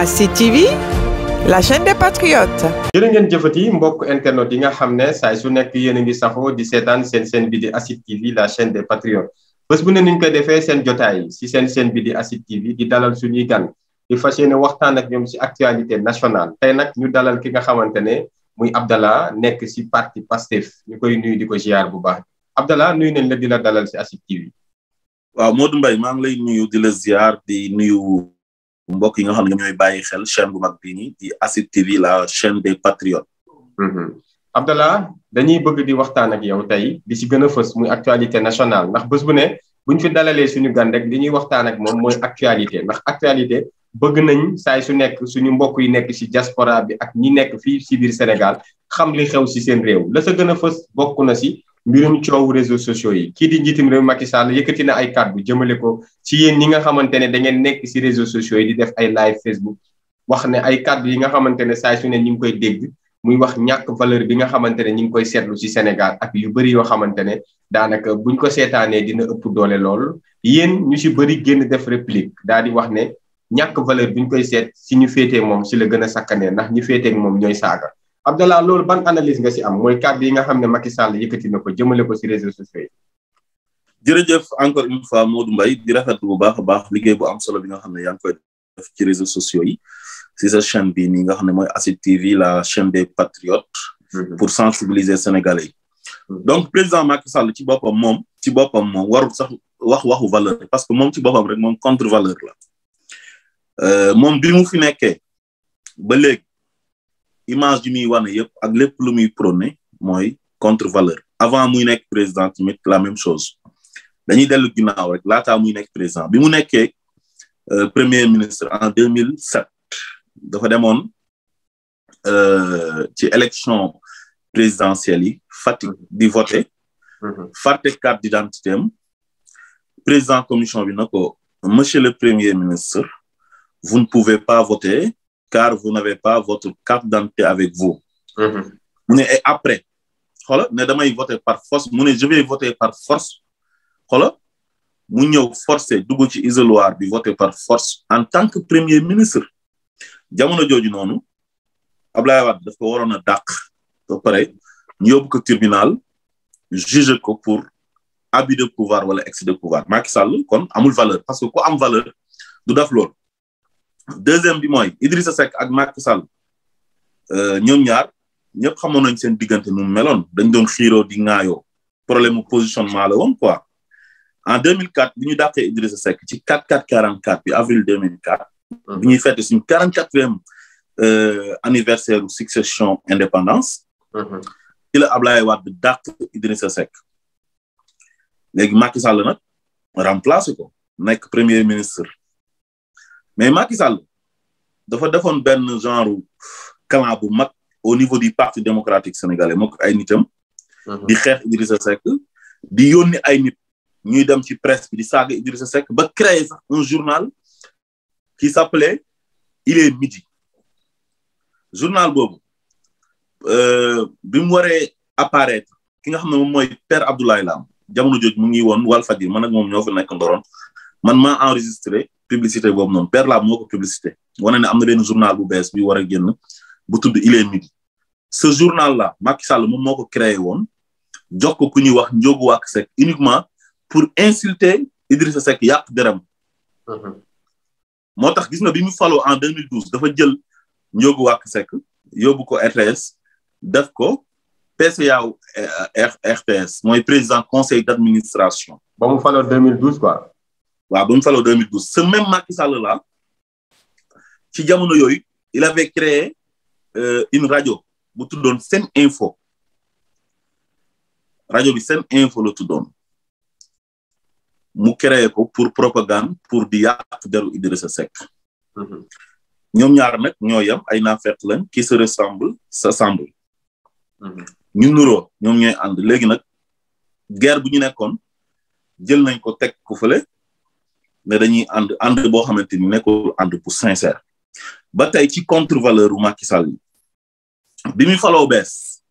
à CTV la chaîne des patriotes. jërë ngeen jëfati mbokk internet yi nga xam ne saay su nekk yéen ngi safoo di seetaan seen seen bi di ASID TV la chaîne des patriotes bés bu ne ni ñu koy defee seen jotaay si seen seen bi di ASID TV di dalal suñuy gan di fas yéene waxtaan ak ñoom si actualité nationale tey nag ñu dalal ki nga xamante ne muy Abdallah nekk si parti Pastef ñu koy nuyu di ko ziar bu baax Abdallah nuyu nañ la di la dalal si ASID TV. waaw Modou Mbaye maa lay nuyu di la di nuyu. mbokk yi nga xam ne ñooy bàyyi xel chaîne bu mag bii nii di ASID TV la chaîne des patriotes. Mhm. Abdallah dañuy bëgg di waxtaan ak yow tey di ci gën a fës muy actualité nationale ndax bés bu ne bu fi dalalee suñu gan rek li ñuy waxtaan ak moom mooy actualité ndax actualité bëgg nañ saay su nekk suñu mbokk yi nekk ci diaspora bi ak ñi nekk fii ci biir Sénégal xam li xew ci seen réew la sa gën a fës bokk na si mbirum coowu réseaux sociaux yi kii di njiitum réew Macky Sall yëkkati ay kàddu jëmale ko ci yéen ñi nga xamante ne da nekk si réseaux sociaux yi di def ay live Facebook wax ne ay kàddu yi nga xamante ne saa su ne ñu ngi koy dégg muy wax ñàkk valeur bi nga xamante ne ñu ngi koy seetlu si Sénégal ak yu bëri yoo xamante ne daanaka buñ ko seetaanee dina ëpp doole lool yéen ñu si bëri génn def réplique daal di wax ne ñàkk valeur bi ñu koy seet si ñu féetee moom si la gën a sakkanee ndax ñu féetee moom ñooy saaga Abdallah loolu ban analyse nga si am mooy kàddu yi nga xam ne Macky Sall yëkkati na ko jëmale ko si réseaux sociaux yi. jërëjëf encore une fois Modou Mbaye di bu baax a baax liggéey bu am solo bi nga xam ne yaa koy def ci réseaux sociaux yi si sa chaine bi ni nga xam ne mooy ASID TV la chaîne des patriotes. Mm-hmm. pour sensibiliser Sénégalais yi. Mm-hmm. donc président Macky Sall ci boppam moom ci boppam moom warul sax wax waxu valeur parce que moom ci boppam rek moom contre valeur la euh, moom bi mu fi nekkee image bi muy wane yëpp ak lépp lu muy prôné mooy contre valeur avant muy nekk président tamit la même chose dañuy dellu ginnaaw rek laataa muy nekk président bi mu nekkee euh, premier ministre en 2007 dafa demoon euh, ci élection présidentielle yi Fatick di voté mm-hmm. fàtte carte d'identité président commission bi na ko monsieur le premier ministre vous ne pouvez pas voter car vous n'avez pas votre carte d'identité avec vous. mu mhm. ne et après xoolal ne damay voter par force mu ne je vais voter par force xoolal mu ñëw forcé dugg ci isoloir bi voter par force en tant que premier ministre. jamono jooju noonu Ablaye Wade dafa waroon a dàq ba pare ñu yóbbu ko tribunal juge ko pour abus de pouvoir wala excès de pouvoir Macky Sall kon amul valeur parce que ku am valeur du daf loolu. deuxième bi mooy Idrissa Seck ak Macky Sall euh, ñoom ñaar ñëpp xamoon nañ seen diggante nu meloon dañ doon xiiroo di ŋaayoo problème mu positionnement la woon quoi en 2004 bi ñu dàqee Idrissa sek ci 4 44 bi avril 2004. Mm-hmm. bi suñ fête suñu 44e euh, anniversaire succession indépendance. Mm-hmm. ci la Ablaye Wade dàq Idrissa Seck. léegi Macky Sall nag remplacé ko nekk premier ministre. mais Macky dafa defoon benn genre clan bu mag au niveau du parti démocratique sénégalais mook ay nitam. Mhm. di xeex Idrissa Seck. di yónni ay nit ñuy dem ci presse di saaga Idrissa Seck ba créer sax un journal qui s'appelait Il est midi. journal boobu euh, bi mu waree apparaître ki nga xam ne moom mooy Père Abdoulaye Lam jamono jooju mu ngi woon Walfadjri man ak moom ñoo fa nekk ndoroon man maa enregistré publicité boobu noonu Père Lab moo ko publicité wane ne am na benn journal bu bees bi war a génn bu tudd il est midi ce journal la Macky Sall moom moo ko créé woon jox ko ku ñuy wax Ndiogou Wack Seck uniquement pour insulter Idrissa sek yàq dërëm. Mhm. moo tax gis nga bi mu faloo en 2012 dafa jël Ndiogou Wack sek yóbbu ko RTS def ko PCA RTS mooy président conseil d' administration. ba mu faloo 2012 quoi. waaw ba mu faloo 2012 ce même Macky Sall la ci jamono yooyu il avait créé euh, une rajo bu tuddoon seen Info rajo bi Sen Info la tuddoon mu créer ko pour propagande pour di yàq deru Idrissa Seck mhm. ñoom ñaar nag ñoo yem ay naafeq lañ qui se sa s'assemble mhm. ñu nuroo ñoom ñooy ànd léegi nag guerre bu ñu nekkoon jël nañ ko teg ko fële ne dañuy ànd ànd boo xamante ni nekkul ànd pour sincère ba tey ci contre valeur u Macky Sall yi bi mu faloo bees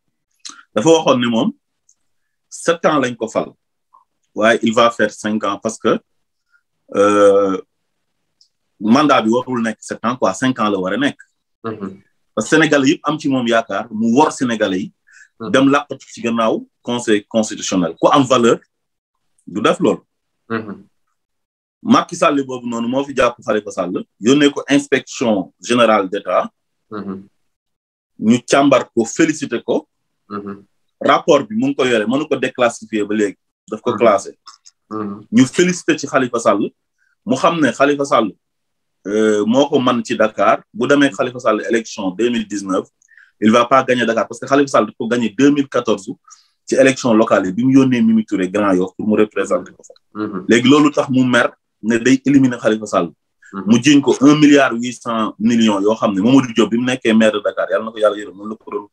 dafa waxoon ne moom sept ans lañ ko fal waaye il va faire cinq ans parce que euh, mandat bi waxul nekk sept ans quoi war a nekk mhm. parce que sénégalais yëpp am ci moom yaakaar mu wor sénégalais yi mhm. dem làqatu ci gannaaw conseil constitutionnel ku am valeur du def lool mhm. Macky Sall boobu noonu moo fi jàpp Khalifa Sall yónnee ko inspection général d'État mm-hmm. ñu càmbar ko félicité ko mm-hmm. rapport bi mu ngi ko yore mënu ko déclassifier ba léegi daf ko mm-hmm. classé ñu félicité ci Khalifa Sall mu xam ne Khalifa Sall euh, moo ko man ci Dakar bu demee Khalifa Sall élection il va pas gagner Dakar parce que Khalifa Sall daf ko gagné deux mille quatorze ci élection locale yi bi mu yónnee Mimi Grand Yoff pour mu représenter ko fa léegi loolu tax mu ne day éliminer Khalifa Sall. Mhm. mu jiñ ko un milliard huit cent millions yoo xam ne Mamadou Diop bi mu nekkee maire de Dakar yàlla na ko yàlla yërëm noonu la ko doon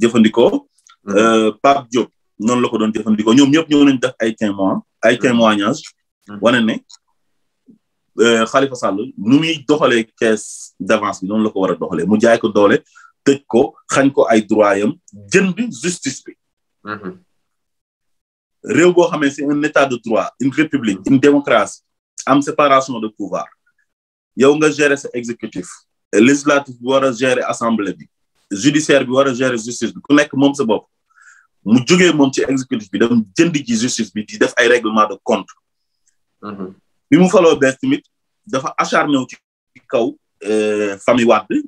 jëfandikoo. Mhm. Euh, Pape Diop noonu la ko doon jëfandikoo ñoom ñëpp ñëw nañ def ay témoins ay mhm. témoignages. wane ne euh, Khalifa Sall nu muy doxalee caisse d'avance bi noonu la ko war a doxalee mu jaay ko doole tëj ko xañ ko ay droit yam jënd justice bi. réew boo xamee c'est un état de droit une république une démocratie. am séparation de pouvoir yow nga gérer sa exécutif législatif bi war a gérer assemblée bi judiciaire bi war a gérer justice bi ku nekk moom sa bopp mu jógee moom ci exécutif bi dafa jënd ji justice bi di def ay règlement de compte mhm. bi mu faloo bees tamit dafa acharné wu ci kaw bi euh, Wade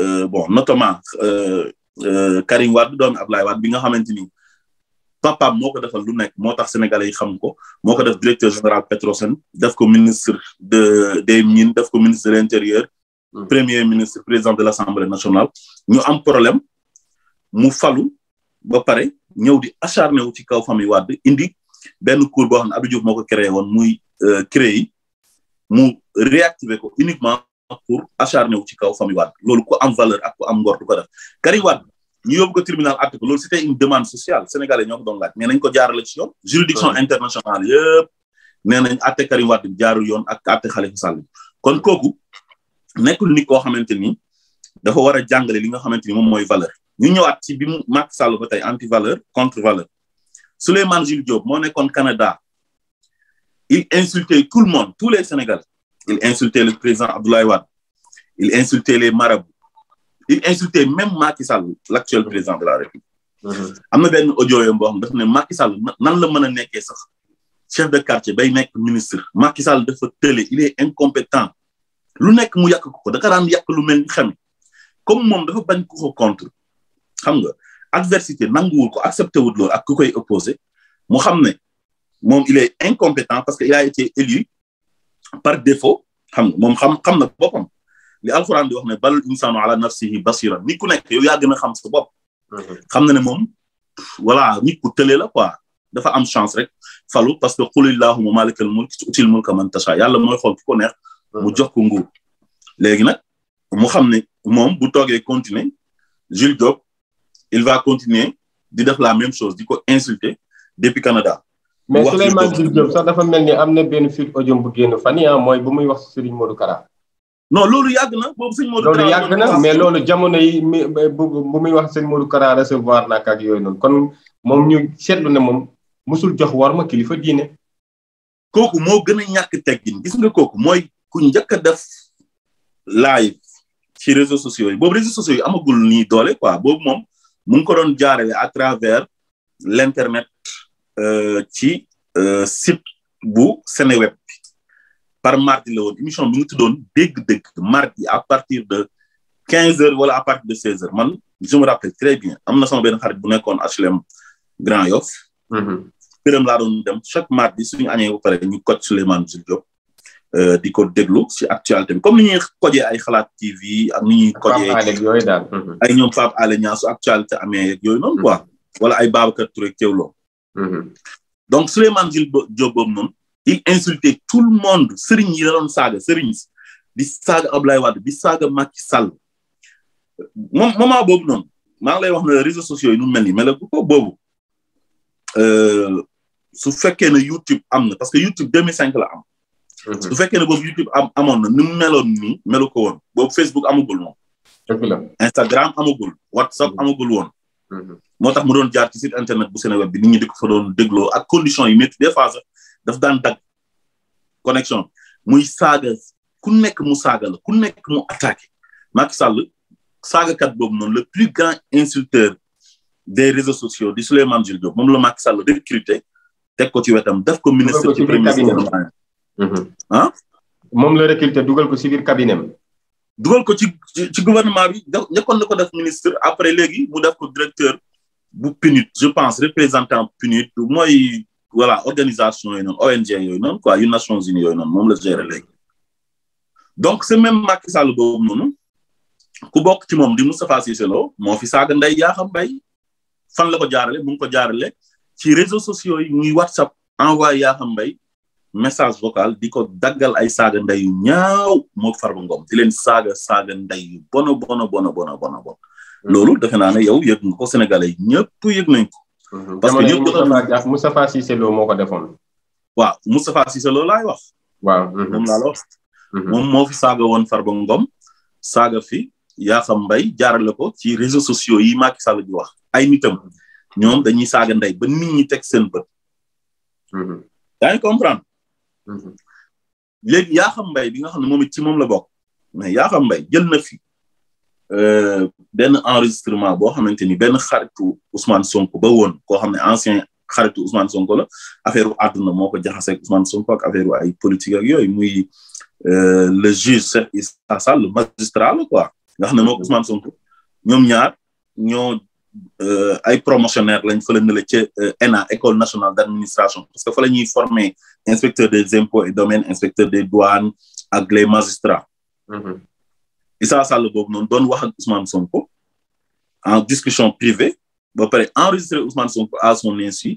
euh, bon notamment euh, Karim Wade doomi Ablaye Wade bi nga xamante ni papaam moo ko defal lu nekk moo tax sénégalais yi xam ko moo ko def directeur général Petrosen def ko ministre de des mines def ko ministre de hmm. premier ministre président de l'assemblée nationale ñu am problème mu falu ba pare ñëw di acharné wu ci kaw famille Wade indi benn cour boo xam ne Abdou Diouf ko créé woon muy euh, créé mu réactiver ko uniquement pour acharné wu ci kaw famille Wade loolu ku am valeur ak ku am ngor du ko def Karim Wade ñu yóbbu ko tribunal àtte ko loolu c'était une demande sociale sénégalais ñoo ko doon laaj mais ko jaarale ci yoon. juridiction internationale yëpp. nee nañ àtte Karim Wade jaarul yoon ak àtte Khalifa Sall kon kooku nekkul nit koo xamante ni dafa war a jàngale li nga xamante ni moom mooy valeur. ñu ñëwaat ci bi mu Macky Sall ba tey anti valeur contre valeur Souleymane Jules Diop moo nekkoon kanada il insultait tout le monde tous les Sénégalais il insultait le président Abdoulaye Wade il insultait il insultait même Macky Sall l' actuel mm-hmm. président de la République. Mm-hmm. am na benn audio yoo xam dafa ne Macky Sall nan la mën a nekkee sax chef de quartier bay nekk ministre Macky Sall dafa tële il est incompétent lu nekk mu yàq ko daka ka daan lu mel ni xam comme moom dafa bañ ko ko contre xam nga adversité nanguwul ko accepté wul loolu ak ku koy opposé mu xam ne moom il est incompétent parce que il a été élu par défaut xam moom xam xam na boppam. li alxuraan di wax ne bal insaanu ala nafsihi basira nit ku nekk yow yaa gën a xam sa bopp. Mhm. xam na ne moom voilà nit ku tëlee la quoi dafa am chance rek falu parce que qulillahumma malikal mulk tu'til mulka man tasha yàlla mooy xool ki ko neex. mu mhm. jox ko nguur. léegi nag mu xam ne moom bu toogee continuer Jules Diop il va continuer di def la même chose di ko insulter depuis Canada. mais Souleymane Jules Diop sax dafa mel ni am na benn fuite audio bu génn ah, mooy bu muy wax Serigne Modou non loolu yàgg na boobu sëñ Modou. loolu yàgg na mais loolu jamono yi bu muy wax sëñ Modou Kara recevoir na ak yooyu noonu kon moom ñu seetlu ne moom mosul jox war ma kilifa diine. kooku moo gën a ñàkk teggin gis nga kooku mooy ku njëkk a def live ci réseaux sociaux yi boobu réseaux sociaux yi amagul nii doole quoi boobu moom mu ko doon jaaree à travers l' internet euh, ci euh, sit bu Seneweb. par mardi la woon émission bi nga tuddoon dégg-dégg mardi à partir de quinze heures wala à partir de seize heures man je me rappelle très bien am na sama benn xarit bu nekkoon HLM Grand Yoff mhm. këram laa doon dem chaque mardi suñu añee ba pare ñu coach Souleymane Jules Diop euh, di ko déglu si actualité bi comme ni ñuy kojee ay xalaat TV ak ñuy kojee mhm. ay ñoom Pape Alé Niang su actualité amee yeeg yooyu noonu quoi mhm. wala ay Babacar Touré Kewlo donc Souleymane Jules Diop boobu noonu il insultait tout le monde sëriñ yi la doon saaga sëriñ di saaga Ablaye Wade di saaga Macky Sall moom moment boobu noonu maa ngi lay wax ne réseaux sociaux yi nu mel nii mais la ko boobu euh, su fekkee ne YouTube am na parce que YouTube 2005 la am. Mhm. su fekkee ne boobu YouTube am amoon na ni mu meloon nii melu ko woon boobu Facebook amagul moom. dëgg la Instagram amagul WhatsApp mhm. amagul woon. Mhm. moo tax mu doon jaar ci site internet bu Seneweb bi nit ñi di ko fa doon dégloo ak condition yu métti des fois daf daan dagg connexion muy saaga ku nekk mu saaga la ku nekk mu attaqué Macky Sall saagakat boobu noonu le plus grand insulteur des réseaux sociaux di Souleymane Jules Diop moom la Macky Sall recruté teg ko ci wetam def ko ministre ci premier ministre ah mm-hmm. moom la recruté dugal ko ci biir cabinet am dugal ko ci ci gouvernement bi njëkkoon na ko def ministre après léegi mu def ko directeur bu PNUD je pense représentant PNUD mooy voilà organisation yooyu noonu ONG yooyu noonu quoi yu Nations Unies yooyu noonu moom la gérer léegi donc c'est même Macky Sall boobu noonu ku bokk ci moom di Moustapha Cissé Lo moo fi saaga nday yaa xam bay fan la ko jaarale mu ko jaarale ci réseaux sociaux yi muy WhatsApp envoye yaa xam bay message vocal di ko daggal ay saaga nday yu ñaaw moo Farba Ngom di leen saaga saaga nday yu bono bono bono bono bono bon hmm. loolu defe naa ne yow yëg nga ko sénégalais ñëpp yëg nañ ko Mhm. parce que ñëpp doon naa jaaf Moustapha Cissé Lo moo ko defoon. waa Moustapha Cissé Lo laay wax. waaw mhm. moom laa la wax. Mhm. moom moo fi saaga woon Farba Ngom. saaga fi Yakham Mbaye jaarale ko ci réseaux sociaux yi Macky Sall di wax ay nitam ñoom dañuy saaga nday ba nit ñi teg seen bët. yaa ngi comprendre. léegi Yakham Mbaye bi nga xam ne moom ci moom la bokk mais Yakham Mbaye jël na fi benn enregistrement boo xamante ni benn xaritu Ousmane Sonko ba woon koo xam ne ancien xaritu Ousmane Sonko la affaire u àdduna moo ko jaxase ak Ousmane Sonko ak affaire ay politique ak yooyu muy euh, le juge Cheikh Issa Sall le magistrat la quoi nga xam ne moo ko Ousmane ñoom ñaar ñoo euh, ay promotionnaire lañ fa la ne ca euh, ENA école nationale d'administration parce que fa la ñuy former inspecteur des impôts et domaines inspecteur des douanes ak les magistrats mm-hmm. Issa Sall boobu noonu doon wax ak Ousmane Sonko en discussion privée ba pare enregistré Ousmane Sonko à son insu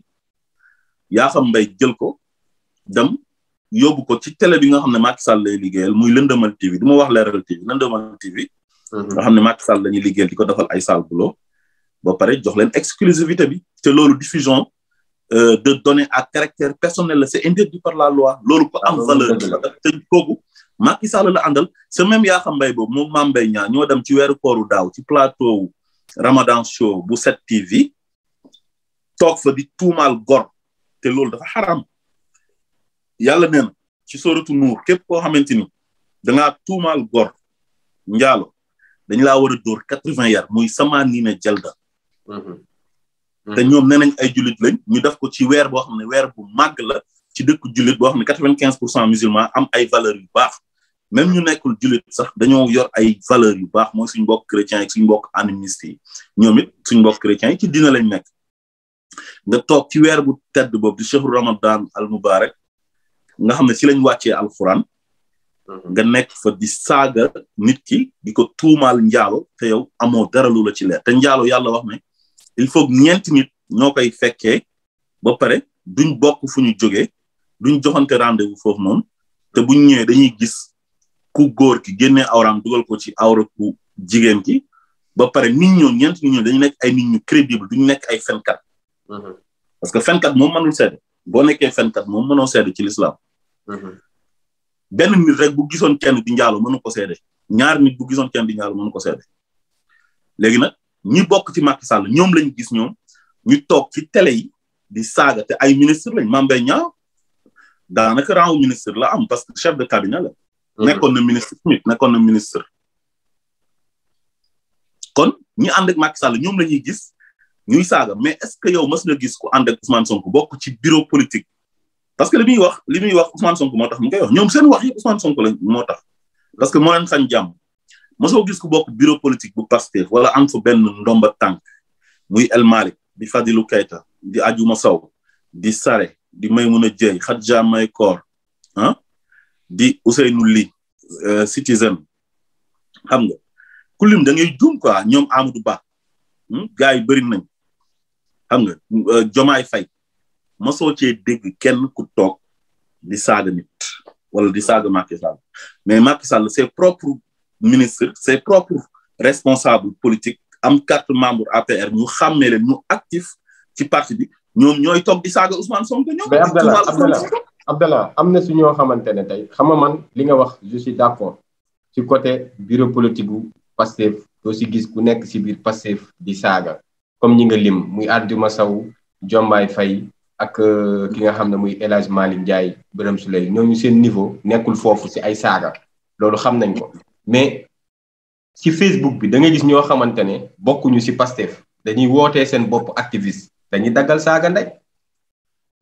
yaa xam mbay jël ko dem yóbbu ko ci télé bi nga xam ne Macky Sall lay liggéeyal muy lëndëmal TV du ma wax leeral TV lëndëmal TV. Mhm. nga xam ne Macky Sall la ñuy liggéeyal di ko defal ay sale boulot ba pare jox leen exclusivité bi te loolu diffusion euh, de données ak caractère personnel la c'est interdit par la loi loolu ko am ah, valeur te kooku Macky Sall la àndal sa même yaa xam mbay boobu moom maam mbay ñaa ñoo dem ci weeru kooru daaw ci plateau Ramadan show bu 7TV toog fa di tuumal gor te loolu dafa xaram yàlla nee na ci sóoratu nuur képp koo xamante ni dangaa tuumaal gor njaalo dañ laa war a dóor quatre-vingts yar muy samaaniina jalda mm-hmm. te ñoom nee nañ ay jullit lañ ñu def ko ci weer boo xam ne weer bu màgg la ci dëkk jullit boo xam ne quatre-vingt-quinze pour cent musulman am ay valeurs yu baax même ñu nekkul jullit sax dañoo yor ay valeur yu baax mooy suñu mbokk chrétiens yi suñu mbokk animiste yi ñoom it suñu mbokk chrétiens yi ci dina lañ nekk nga toog ci weer bu tedd boobu di chehru ramadan al mubarak nga xam ne ci lañ wàccee alquran mhm. nga nekk fa di saaga nit ki di ko tuumaal njaalo te yow amoo dara lu la ci leer te njaalo yàlla wax ne il faut ñeenti nit ñoo koy fekkee ba pare duñ bokk fu ñu jógee duñ joxante rendez-vous foofu noonu te buñ ñëwee dañuy gis ku góor ki génnee awraam dugal ko ci awra ku jigéen ki ba pare nit ñoo ñeent nit ñoo dañu nekk ay nit ñu crédible duñu nekk ay fenkat mm-hmm. parce que fenkat moom mënul seede boo nekkee fenkat moom mënoo seede ci lislaam mm-hmm. benn nit rek bu gisoon kenn di njaalo mënu ko seede ñaar nit bu gisoon kenn di ko seede léegi nag ñi bokk ci Macky Sall ñoom lañu gis ñoom ñu toog ci télé yi di saaga te ay ministre lañ Mame Mbaye daa daanaka rang ministre la am parce que chef de cabinet la nekkoon na ministre tamit nekkoon na ministre. kon ñu ànd ak ñoom la ñuy gis ñuy saaga mais est-ce que yow mas na gis ku ànd ak Ousmane Sonko bokk ci bureau politique. parce que li muy wax li muy wax Ousmane Sonko moo tax mu koy ñoom seen wax yi Ousmane Sonko la moo tax parce que moo leen xañ jàmm mosoo gis ku bokk bureau politique bu Pastef wala an fa benn ndomba tànk muy El Malick di Fadilou Keita di ajuma Sow di Sare di may Maymouna Dieye Khadija Maykor ah di nu Ousseynou Ly euh, Citizen xam nga ku lim da ngay juum quoi ñoom Amadou Ba hmm? gars yi bëri nañ xam nga Jomaay euh, Fay ma soo cee dégg kenn ku toog di saaga nit wala di saaga Macky mais Macky Sall ses propres ministres ses propres responsables politiques am quatre membre APR ñu xàmmee leen ñu actif ci parti bi ñoom ñooy toog di saaga Ousmane Sonko ñoom. mais Abdallah Abdallah am na su ñoo xamante ne tey xam nga man li nga wax je suis d'accord ci côté bureau politique gu Pastef doo si gis ku nekk si biir Pastef di saaga comme ñi nga lim muy Adjuma Sow Diomaye fay ak euh, ki nga xam ne muy El Hadj Malick Ndiaye Birame ñoo ñooñu seen niveau nekkul foofu si ay saaga loolu xam nañ ko mais si Facebook bi da nga gis ñoo xamante ne bokkuñu si Pastef dañuy woote seen bopp activiste dañuy daggal saaga ndey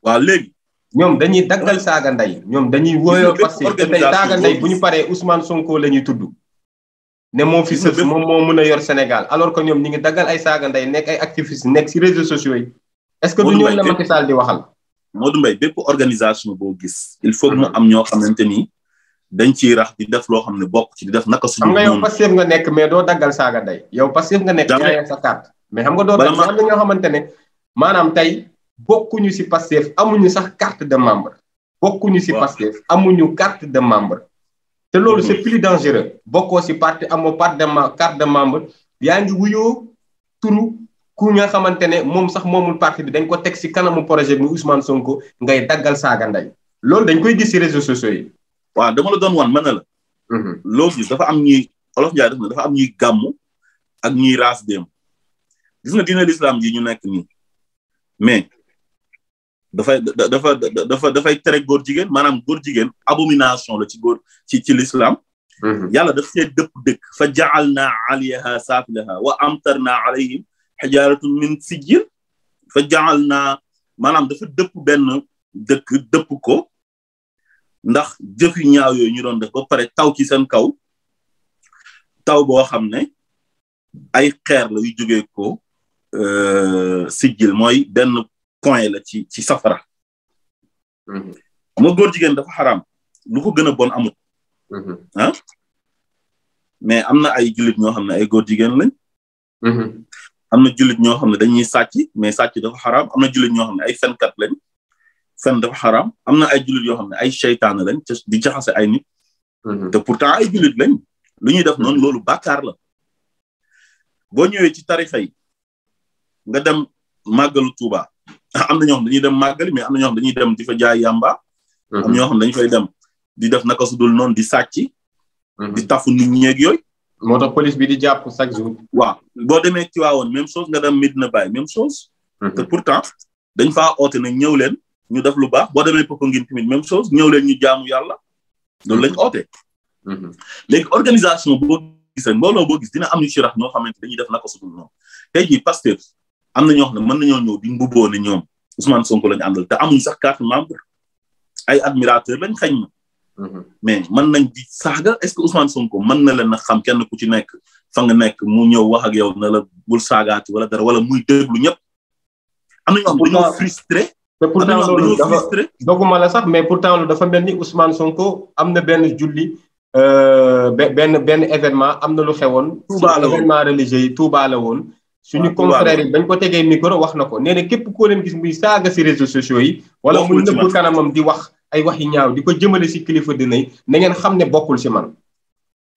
waaw léegi ñoom dañuy daggal saaga ndey ñoom dañuy wóoyoo parce que tey saaga bu ñu paree Ousmane Sonko la ñuy tudd ne moo fi sës moom moo mën a yor Sénégal alors que ñoom ñi ngi daggal ay saaga ndey nekk ay activiste nekk si réseaux sociaux yi est-ce que du ñoom la Macky Sall di waxal Modou Mbaye bépp organisation boo gis il faut mu ah. am ñoo xamante ni dañ ciy rax di def loo xam ne bokk ci di def naka suñu xam nga nga nekk mais doo daggal saaga ndey yow Pastef nga nekk sa xam nga doo ne maanaam tey bokkuñu ci Pastef amuñu sax carte de membre. bokkuñu ci Pastef amuñu carte de membre. te loolu c'est mhm. plus dangereux. bokkoo ci parti amoo part de carte de membre yaa ngi wuyoo turu ku nga xamante ne moom sax moomul parti bi dañ ko teg ci kanamu projet bi Ousmane Sonko ngay daggal saaga ndey. loolu dañ koy gis ci réseaux sociaux yi. waaw dama la doon wan mën na la. Mhm. loolu dafa am ñuy Olof Ndiaye na dafa am ñuy gàmmu ak ñuy raas dem gis nga diine l'islam ji ñu nekk nii mais. dafay dafa dafay tere góor jigéen maanaam góor jigéen abomination la ci góor ci ci l'islam mhm. yàlla daf see dëpp dëkk fa ja'alnaa aliyaha saafilaha wa amtarnaa alayhim xijaaratun min sijil fa ja'alnaa maanaam dafa dëpp benn dëkk dëpp ko ndax jëf yu ñaaw yooyu ñu doon def ba pare taw ci seen kaw taw boo xam ne ay xeer la yu jógee ko euh, sijil mooy benn point la ci ci safara moo mhm. nga góor jigéen dafa xaram lu ko gën a bon amut mhm. ah mais am na ay julit ñoo xam ne ay góor jigéen lañ mhm. am na jullit ñoo xam ne dañuy sàcc mais sàcc dafa xaraam am na jullit ñoo xam ne ay fenkat lañ fen dafa xaraam am na ay jullit yoo xam ne ay seytaane lañ di jaxase ay nit te pourtant ay jullit lañ lu ñuy def noonu loolu bàkkaar la boo ñëwee ci tarixa nga dem màggalu Tuuba am na ñoo xam dañuy dem màggali mais am na ñoo xam dañuy dem di mhm. dañu fay dem di def naka su dul noonu di sàcc. Mhm. di tafu nit ñeeg yooyu. moo tax police bi di jàpp chaque jour. waaw boo demee ci waawoon même chose nga dem Medina Baye même chose. Mhm. te pourtant dañ fa oote nag ñëw leen ñu def lu baax boo demee Popenguine tamit même chose ñëw leen ñu jaamu yàlla loolu lañ oote. léegi organisation boo gis rek mbooloo boo gis dina am ñu ci rax ñoo xamante dañuy def naka su dul noonu tey jii am na ñoo xam ne mën nañoo ñëw di mbubboo ne ñoom Ousmane Sonko lañu àndal te amuñ sax carte membre ay admirateur lañ xañ mhm. mais mën nañ di saaga est-ce que Ousmane Sonko mën na leen a xam kenn ku ci nekk fa nga nekk mu ñëw wax ak yow na la bul saagaati wala dara wala muy déglu ñëpp am na ñoo xam dañoo frustré la sax mais pourtant loolu dafa mel ni Ousmane Sonko am na benn julli euh, benn benn événement am na lu xewoon. Touba la woon événement religieux yi Touba woon. su suñu confrère yi bañ ko tegee micro wax na ko nee na képp koo leen gis muy saaga si réseaux sociaux yi wala muy nëbb kanamam di wax ay wax yi ñaaw di ko jëmale si kilifa dina yi na ngeen xam ne bokkul si man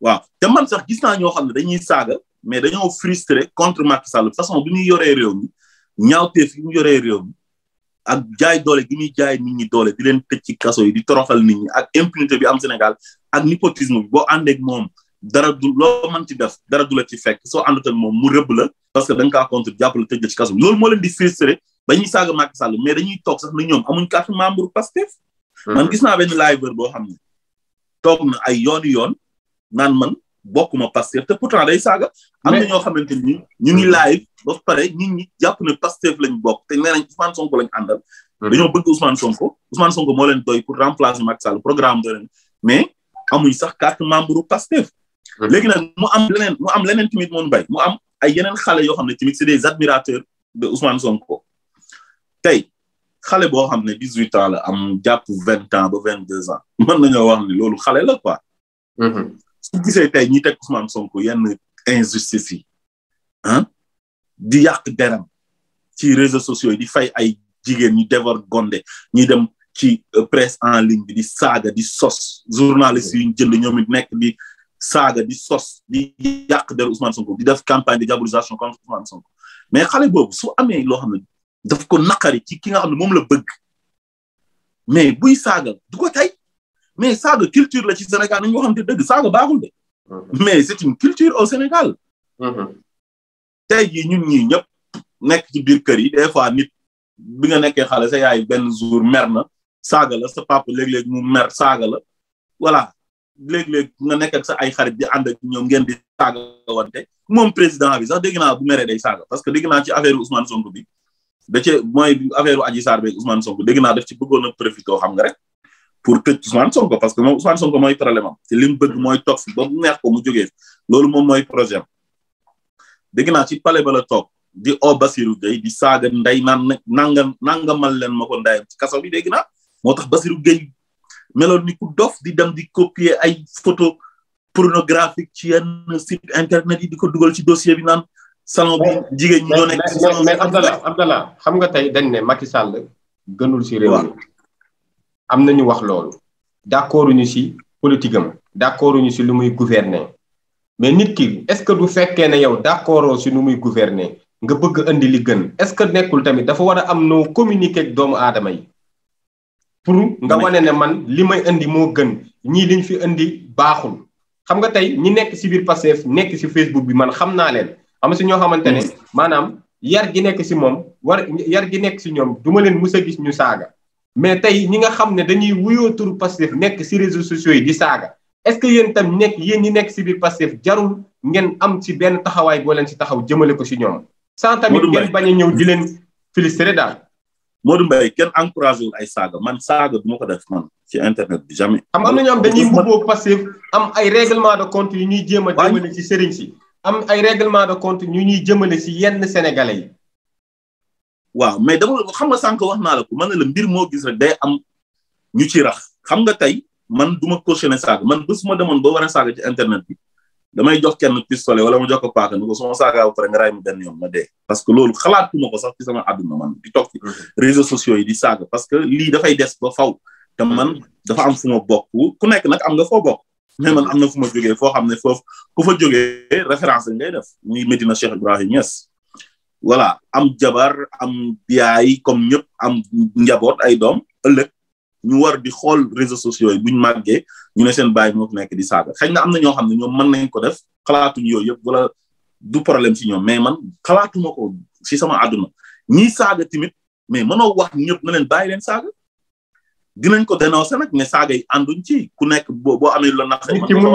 waaw te man sax gis naa ñoo xam ne dañuy saaga mais dañoo frustré contre Macky Sall façon bi ñuy yoree réew mi ñaawteef yi ñu yoree réew mi ak jaay doole gi ñuy jaay nit ñi doole di leen tëj ci kaso yi di toroxal nit ñi ak impunité bi am Sénégal ak népotisme bi boo àndeek moom dara du loo mën ci def dara la ci fekk soo àndatal moom mu rëbb la parce que da nga kaa contre jàppale tëj la ci kaso loolu moo leen di frustré ba ñuy saaga Macky Sall mais dañuy toog sax na ñoom hmm. boo xam ne toog na ay yooni yoon naan man bokkuma Pastef te pourtant day saaga am ñoo xamante ni ñu ngi live ba pare nit jàpp ne Pastef lañ bokk te nee nañ Ousmane Sonko lañ àndal hmm. dañoo bëgg Ousmane Sonko Ousmane Sonko moo leen doy pour remplacer Macky Sall programme mais amuñ sax carte membre Pastef hmm. léegi nag mu am leneen mu am leneen tamit moom bay mu am ay yeneen xale yoo xam ne tamit c'est des admirateurs de Ousmane Sonko tey xale boo xam ne dix huit ans la am jàpp vingt ans ba vingt deux ans mën nañoo wax ne loolu xale la quoi. Mm-hmm. su gisee tey ñi teg Ousmane Sonko yenn injustice yi ah di yàq deram ci réseaux sociaux yi di fay ay jigéen ñu dévore gonde ñuy dem ci euh, presse en ligne bi di saaga di sos journalistes yi ñu jël ñoom nekk di saaga di sos di yàq deru Ousmane Sonko di def campagne de diabolisation contre Ousmane Sonko mais xale boobu su amee loo xam ne daf ko nakari ci ki nga xam ne moom la bëgg mais buy saaga du ko tey mais saaga culture la ci Sénégal nañu waxante dëgg saaga baaxul de. Mhm. mais c'est une culture au Sénégal. Mhm. te jii ñu ñii ñëpp nekk ci biir kër yi des fois nit bi nga nekkee xale sa yaay benn jour meer na saaga la sa papa léeg léegi mu mer saaga la voilà. léeg-léeg nga nekk ak sa ay xarit di ànd ñoom ngeen di saaga wante moom président bi sax dégg naa bu meree day saaga parce que dégg naa ci affaire Ousmane Sonko bi da cee mooy affaire Adji Sarr beeg Ousmane Sonko dégg naa daf ci bëggoon a xam nga rek pour tëj Ousmane Sonko parce que moom Ousmane mooy problème am te bëgg mooy toog fi ba mu neex ko mu jógee loolu moom mooy projet am dégg naa ci pale ba la toog di o Basirou Gueye di saaga nday naan nanga mal leen ma ko ndayam ci kaso bi dégg moo tax Basirou melo ni ku dof di dem di copier ay photo pornographique ci yenn site internet yi di ko dugal ci dossier bi naan salon bi jigéen ñi ñoo nekk ci salon mais Abdallah Abdallah xam nga tey dañ ne Macky Sall gënul si réew mi am nañu wax loolu d'accord ñu si politique am d'accord ñu si lu muy gouverner mais nit kii est-ce que du fekkee ne yow d'accord si nu muy gouverner nga bëgg indi li gën est-ce que nekkul tamit dafa war a am noo communiquer ak doomu aadama yi pour nga wane ne man li may indi moo gën ñii liñ fi indi baaxul. xam nga tey ñi nekk si biir Pastef nekk si Facebook bi man xam naa leen am si ñoo xamante ne mm. maanaam yar gi nekk si moom war yar gi nekk si ñoom duma leen mus a gis ñu saaga. mais tey ñi nga xam ne dañuy wuyoo turu Pastef nekk si réseau sociaux yi di saaga est-ce que yéen tam nekk yéen ñi nekk si biir Pastef jarul ngeen am ci benn taxawaay boo leen si taxaw jëmale ko si ñoom. sans tamit ngeen bañ ñëw di leen filistrer daal. Modou Mbaye kenn encouragé wul ay saaga man saaga du ko def man ci internet bi jamais. am am na ñoo xam dañuy mbubboo passif am ay règlement de compte yu ñuy jéem a jëmale ci sëriñ si. am ay réglement de compte yu ñuy jëmale si yenn sénégalais yi. waaw mais dama xam nga sànq wax naa la ko man la mbir moo gis rek day am ñu ci rax xam nga tey man du ma cautionné saaga man bés ma demoon ba war a saaga ci internet bi damay jox kenn pistolet wala ma jox ko paaka ni ko suma saagaa pare nga raay ma benn ma dee parce que loolu xalaatuma ko sax ci sama àdduna man di toog ci mm-hmm. réseaux sociaux yi di saaga parce que li dafay des ba faw te mm-hmm. man dafa am fu ma bokk ku nekk nag am nga foo bokk mais man am na fu ma jógee foo xam ne foofu ku fa jógee référence ngay def muy Medina Cheikh Ibrahim Niass voilà am jabar am biyaay comme ñëpp am njaboot ay doom ñu war di xool réseaux sociaux yi bu ñu màggee ñu ne seen baay moo fi nekk di saaga xëy na am na ñoo xam ne ñoom mën nañ ko def xalaatuñu yooyu yëpp wala du problème ci ñoom mais man xalaatuma fi sama àdduna ñiy saaga tamit mais mënoo wax ñëpp na leen bàyyi leen saaga dinañ ko dénoncé nag ne saaga yi ànduñ ci ku nekk boo boo amee lu la naqare. nit ki mun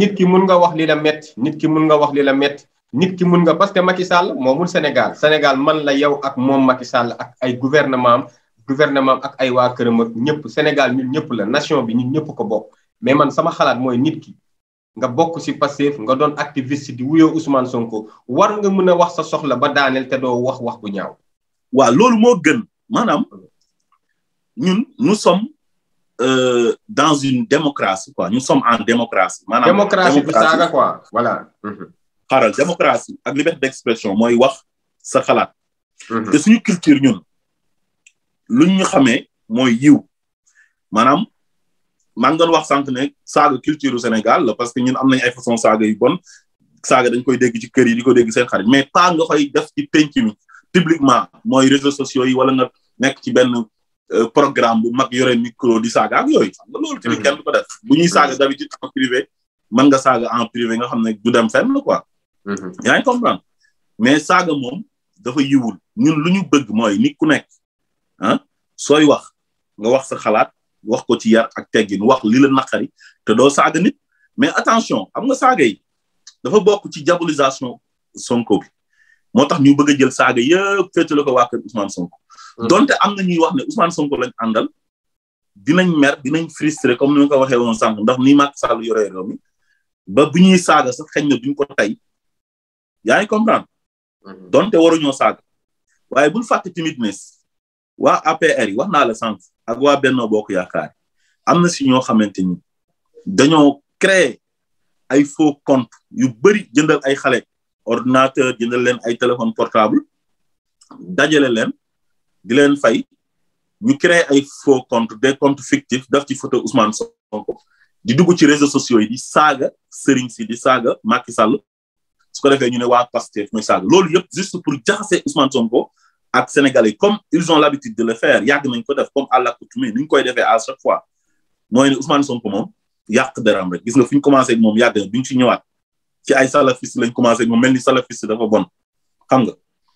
nit ki mun nga wax li la métti nit ki mun nga wax li la métti. nit ki mun nga parce que Macky Sall moomul Sénégal Sénégal man la yow ak moom Macky Sall ak ay gouvernement am gouvernement ak ay waa këram ñëpp Sénégal ñun ñëpp la nation bi ñu ñëpp ko bokk mais man sama xalaat mooy nit ki nga bokk ci Pastef nga doon activiste di wuyoo Ousmane Sonko war nga mën a wax sa soxla ba daaneel te doo wax wax bu ñaaw. waa loolu moo gën maanaam ñun som sommes euh, dans une démocratie quoi nous sommes en démocratie. maanaam démocratie bu saaga quoi voilà. Mhm. xaaral démocratie ak liberté d'expression mooy wax sa xalaat. Mhm. te suñu culture ñun. lu ñu xamee mooy yiw maanaam maa ngi doon wax sànq ne saaga culture Sénégal la parce que ñun am nañ ay façon saaga yu bon saaga dañ koy dégg ci kër yi di ko dégg seen xarit mais pas nga koy def ci penc publiquement mooy réseaux sociaux yi wala nga nekk ci benn euh, programme bu mag yore micro di saaga ak yooyu xam nga loolu tamit mm-hmm. kenn du ko def bu ñuy saaga mm-hmm. d'habitude en privé man nga saaga en privé nga xam ne du dem fenn quoi mm-hmm. yaa ngi comprendre mais saaga moom dafa yiwul ñu lu ñu bëgg mooy nit ku nekk ah sooy wax nga wax sa xalaat wax ko ci yar ak teggin wax li la naqari te doo saaga nit mais attention am na saaga yi dafa bokk ci diabolisation Sonko bi moo tax ñu bëgg jël saaga yëpp féetale ko waa kër hmm. donte am na ñuy wax ne Ousmane Sonko lañ àndal dinañ mer dinañ frustré comme ni ma ko waxee woon sànq ndax ni Macky Sall yore réew ba bu ñuy saaga sax xëy na duñ ko tey yaa ngi comprendre. Hmm. donte waruñoo saaga waaye bul fàtte tamit ne waa APR yi wax naa la sànq ak waa Benno Bokk Yaakaar am na si ñoo xamante ni dañoo créer ay faux compte yu bëri jëndal ay xale ordinateur jëndal leen ay téléphone portable dajale leen di leen fay ñu créer ay faux compte des comptes fictifs daf ci photo Ousmane Sonko di dugg ci réseaux sociaux yi di saaga Serigne si di saaga Macky Sall su ko defee ñu ne waa Pastef mooy saaga loolu yëpp juste pour jaxase Ousmane Sonko ak sénégalais comme ils ont l'habitude de le faire yàgg nañ ko def comme à l'accoutumée ni koy defee à chaque fois mooy ne Ousmane Sonko moom yàq daraam rek gis nga fu ñu commencé ak moom yàgg na duñ ci ñëwaat ci ay salafiste lañ commencé ak moom mel ni salafiste dafa bon xam nga.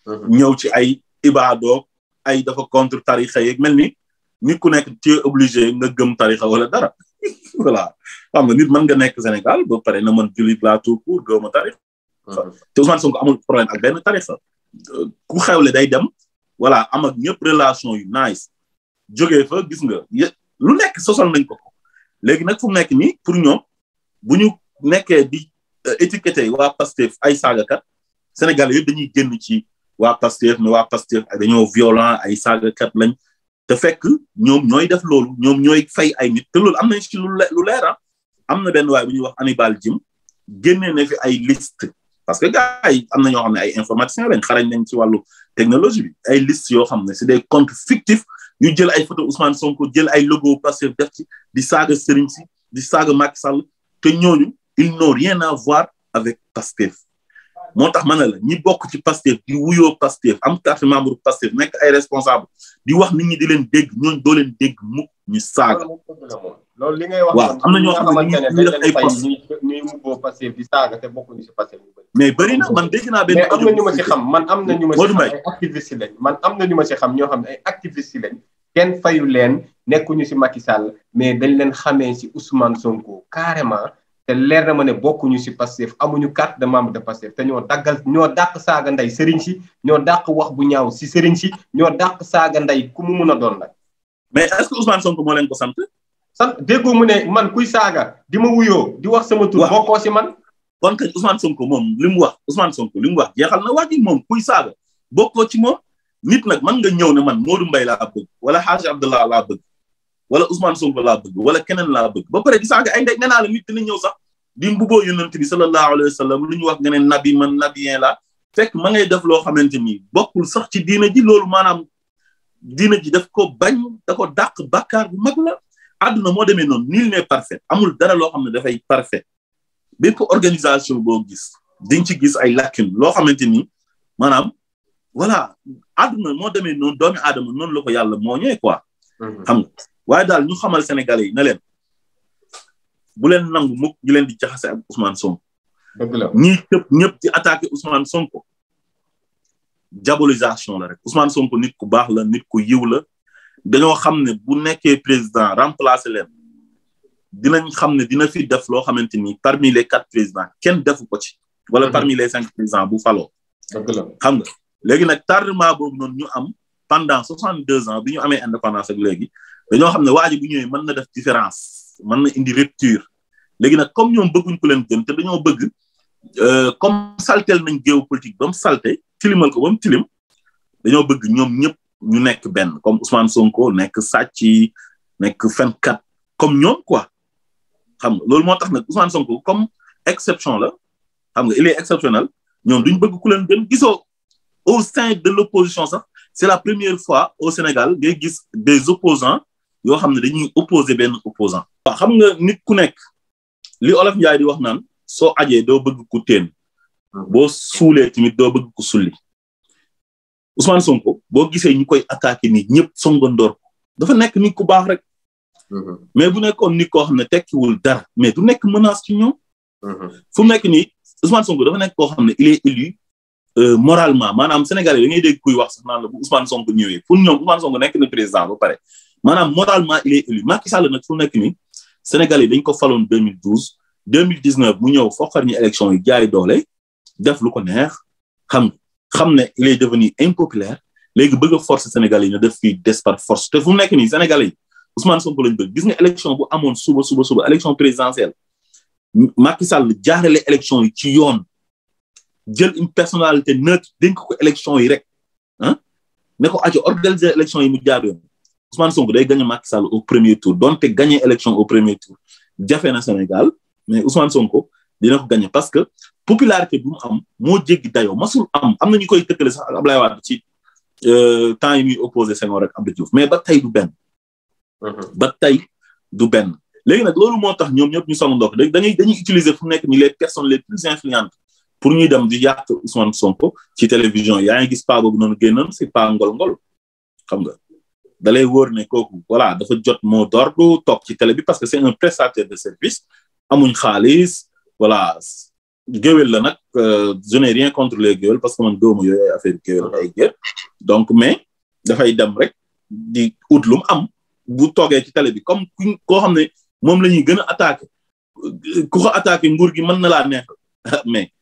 Mhm. ñëw ci ay ibaadoo ay dafa contre tarixa yeeg mel ni nit ku nekk tu es obligé nga gëm tarixa wala dara voilà xam nga nit man nga nekk Sénégal ba pare na mën jullit laa tout court gëwma tarixa mhm. te Ousmane Sonko amul problème ak benn voilà am ak ñëpp relation yu nice jógee fa gis nga lu nekk sosal nañ ko ko léegi nag fu mu nekk nii pour ñoom bu ñu nekkee di euh, étiqueté waa Pastef ay saagakat Sénégal yëpp dañuy génn ci waa Pastef mais waa Pastef dañoo violent ay saagakat lañ te fekk ñoom ñooy def loolu ñoom ñooy fay ay nit te loolu am nañ ci lu ah. am na benn waay bu ñuy wax Hannibal Jim génnee na fi ay liste parce que gars yi am na ñoo xam ne ay informaticiens lañ xarañ nañ ci wàllu technologie bi ay liste yoo xam ne c'est des comptes fictifs yu jël ay photo Ousmane Sonko jël ay logo Pastef def ci di saaga Serigne si di saaga Macky Sall te ñooñu ils n'ont rien à voir avec Pastef moo tax ma ne la ñi bokk ci Pastef di wuyoo Pastef am carte membre Pastef nekk ay responsable di wax nit ñi di leen dégg ñooñu doo leen dégg mukk ñu saaga. loolu li ngay wax waaw am na ñoo xam ne ñu ngi def ay post ñuy mubboo Pastef di saaga te bokkuñu ci mais bëri na man dégg naa benn. mais am na ñu ma ci xam man am na ñu ma ci am ñoo xam ne ay activiste lañ kenn fayu leen nekkuñu ci Macky Sall mais dañ leen xamee ci Ousmane Sonko carrément. te leer na ma ne bokkuñu si Pastef amuñu carte de membre de Pastef te ñoo daggal ñoo dàq saaga ndey sëriñ si ñoo dàq wax bu ñaaw si sëriñ si ñoo dàq saaga ndey ku mu mun a doon nag. mais est-ce que Ousmane Sonko ko sant. sant déggoo mu man kuy saaga di ma wuyoo di wax sama tur. bokkoo si man. kon kañ Ousmane Sonko moom li mu wax Ousmane Sonko li mu wax jeexal na wax ji moom kuy saaga bokkoo ci moom nit nag man nga ñëw ne man Modou Mbaye laa bëgg wala Hadj Abdallah laa bëgg wala Ousmane Sonko laa bëgg wala keneen laa bëgg ba pare di saaga ay ndey la nit dina ñëw sax di mbuboo yonent bi sallallahu alayhi wa sallam lu ñu wax nga ne nabi man nabien la fekk ma ngay def loo xamante ni bokkul sax ci diina ji loolu maanaam diina ji daf ko bañ da ko dàq bàkkaar bu mag na àdduna moo demee noonu nul n'est parfait amul dara loo xam ne dafay parfait bépp organisation boo gis diñ ci gis ay lacune loo xamante ni maanaam voilà àdduna moo demee noon doomi aadama noonu la ko yàlla moo ñëwee quoi mhm. xam nga waaye daal ñu xamal sénégalais yi na leen bu leen nangu mukk ñu leen di jaxase ak Ousmane Sonko. dëgg la ñiy tëb ñëpp di attaqué Ousmane Sonko. diabolisation la rek Ousmane Sonko nit ku baax la nit ku yiw la dañoo xam ne bu nekkee président remplacé leen dinañ xam ne dina fi def loo xamante ni parmi les quatre présidents kenn defu ko ci. wala parmi les cinq présidents bu falo dëgg la xam nga léegi nag tardement boobu noonu ñu am pendant soixante deux ans bi ñu amee indépendance ak léegi dañoo xam ne waa ji bu ñëwee mën na def différence. mën na indi rupture léegi nag comme ñoom bëgguñ ku leen gën te dañoo bëgg euh, comme saltel nañ géopolitique ba mu salte tilimal ko ba mu tilim dañoo bëgg ñoom ñëpp ñu nekk benn comme Ousmane Sonko nekk sàcc nekk fenkat comme ñoom quoi xam nga loolu moo tax nag Ousmane Sonko comme exception la xam nga il est exceptionnel ñoom duñ bëgg ku leen gën gisoo au sein de l'opposition sax c'est la première fois au Sénégal ngay gis des opposants yoo xam ne dañuy opposé benn opposant waaw xam nga nit ku nekk li Olof Njaay di wax naan soo ajee doo bëgg ku teen boo suulee tamit doo bëgg ku sulli Ousmane Sonko boo gisee ñu koy attaqué nii ñëpp songandoor ko dafa nekk nit ku baax rek mm-hmm. mais bu nekkoon nit koo xam ne tekkiwul dara mais du nekk menace ci ñoom mm-hmm. fu nekk nii Ousmane Sonko dafa nekk koo xam ne il est élu euh, moralement maanaam Sénégalais da ngay dégg kuy wax sax naan la bu Ousmane Sonko ñëwee pour ñoom Ousmane Sonko nekk na président ba pare maanaam moralement il est élu Macky Sall nag fu nekk nii Sénégal yi dañ ko faloon 2012 2019 mu ñëw foqar ñu élection yi jaay doole def lu ko neex xam xam ne il est devenu impopulaire léegi bëgg a forcer Sénégal yi na def fii des par force te fu nekk nii Sénégal yi Ousmane lañ bëgg gis nga élection bu amoon suba suba suba élection présidentielle maki Sall jaarale élection yi ci yoon jël une personnalité neutre dénk ko élection yi rek ah ne ko ajo organiser élection yi mu jaar Ousmane Sonko day gagné Macky Sall au premier tour donte gagné élection au premier tour jafe na Sénégal mais Ousmane Sonko dina ko gagné parce que popularité bu mu am moo jéggi dayoo masul am am na ñu koy tëkkale sax ak Ablaye waat ci euh, temps yi muy opposé Senghor ak Abdou Diouf mais ba tey du benn. Mm-hmm. ba tey du benn. léegi nag loolu moo tax ñoom ñëpp ñu song ndox dañuy dañuy utiliser fu nekk ni les personnes les plus influentes pour ñuy dem di yàq Ousmane Sonko ci télévision yaa ngi gis pas boobu noonu si pas ngol-ngol xam nga. da lay wóor ne kooku voilà dafa jot mot d'ordre toog ci télé bi parce que c'est un prestataire de service amuñ xaalis voilà géwél la nag euh, je n'ai rien contre géwél parce que man doomu affaire géwél ay donc mais dafay dem rek di ut lu am bu toogee ci télé bi comme ku koo xam ne moom la ñuy gën a attaqué ku ko attaqué nguur gi mën na laa neexal mais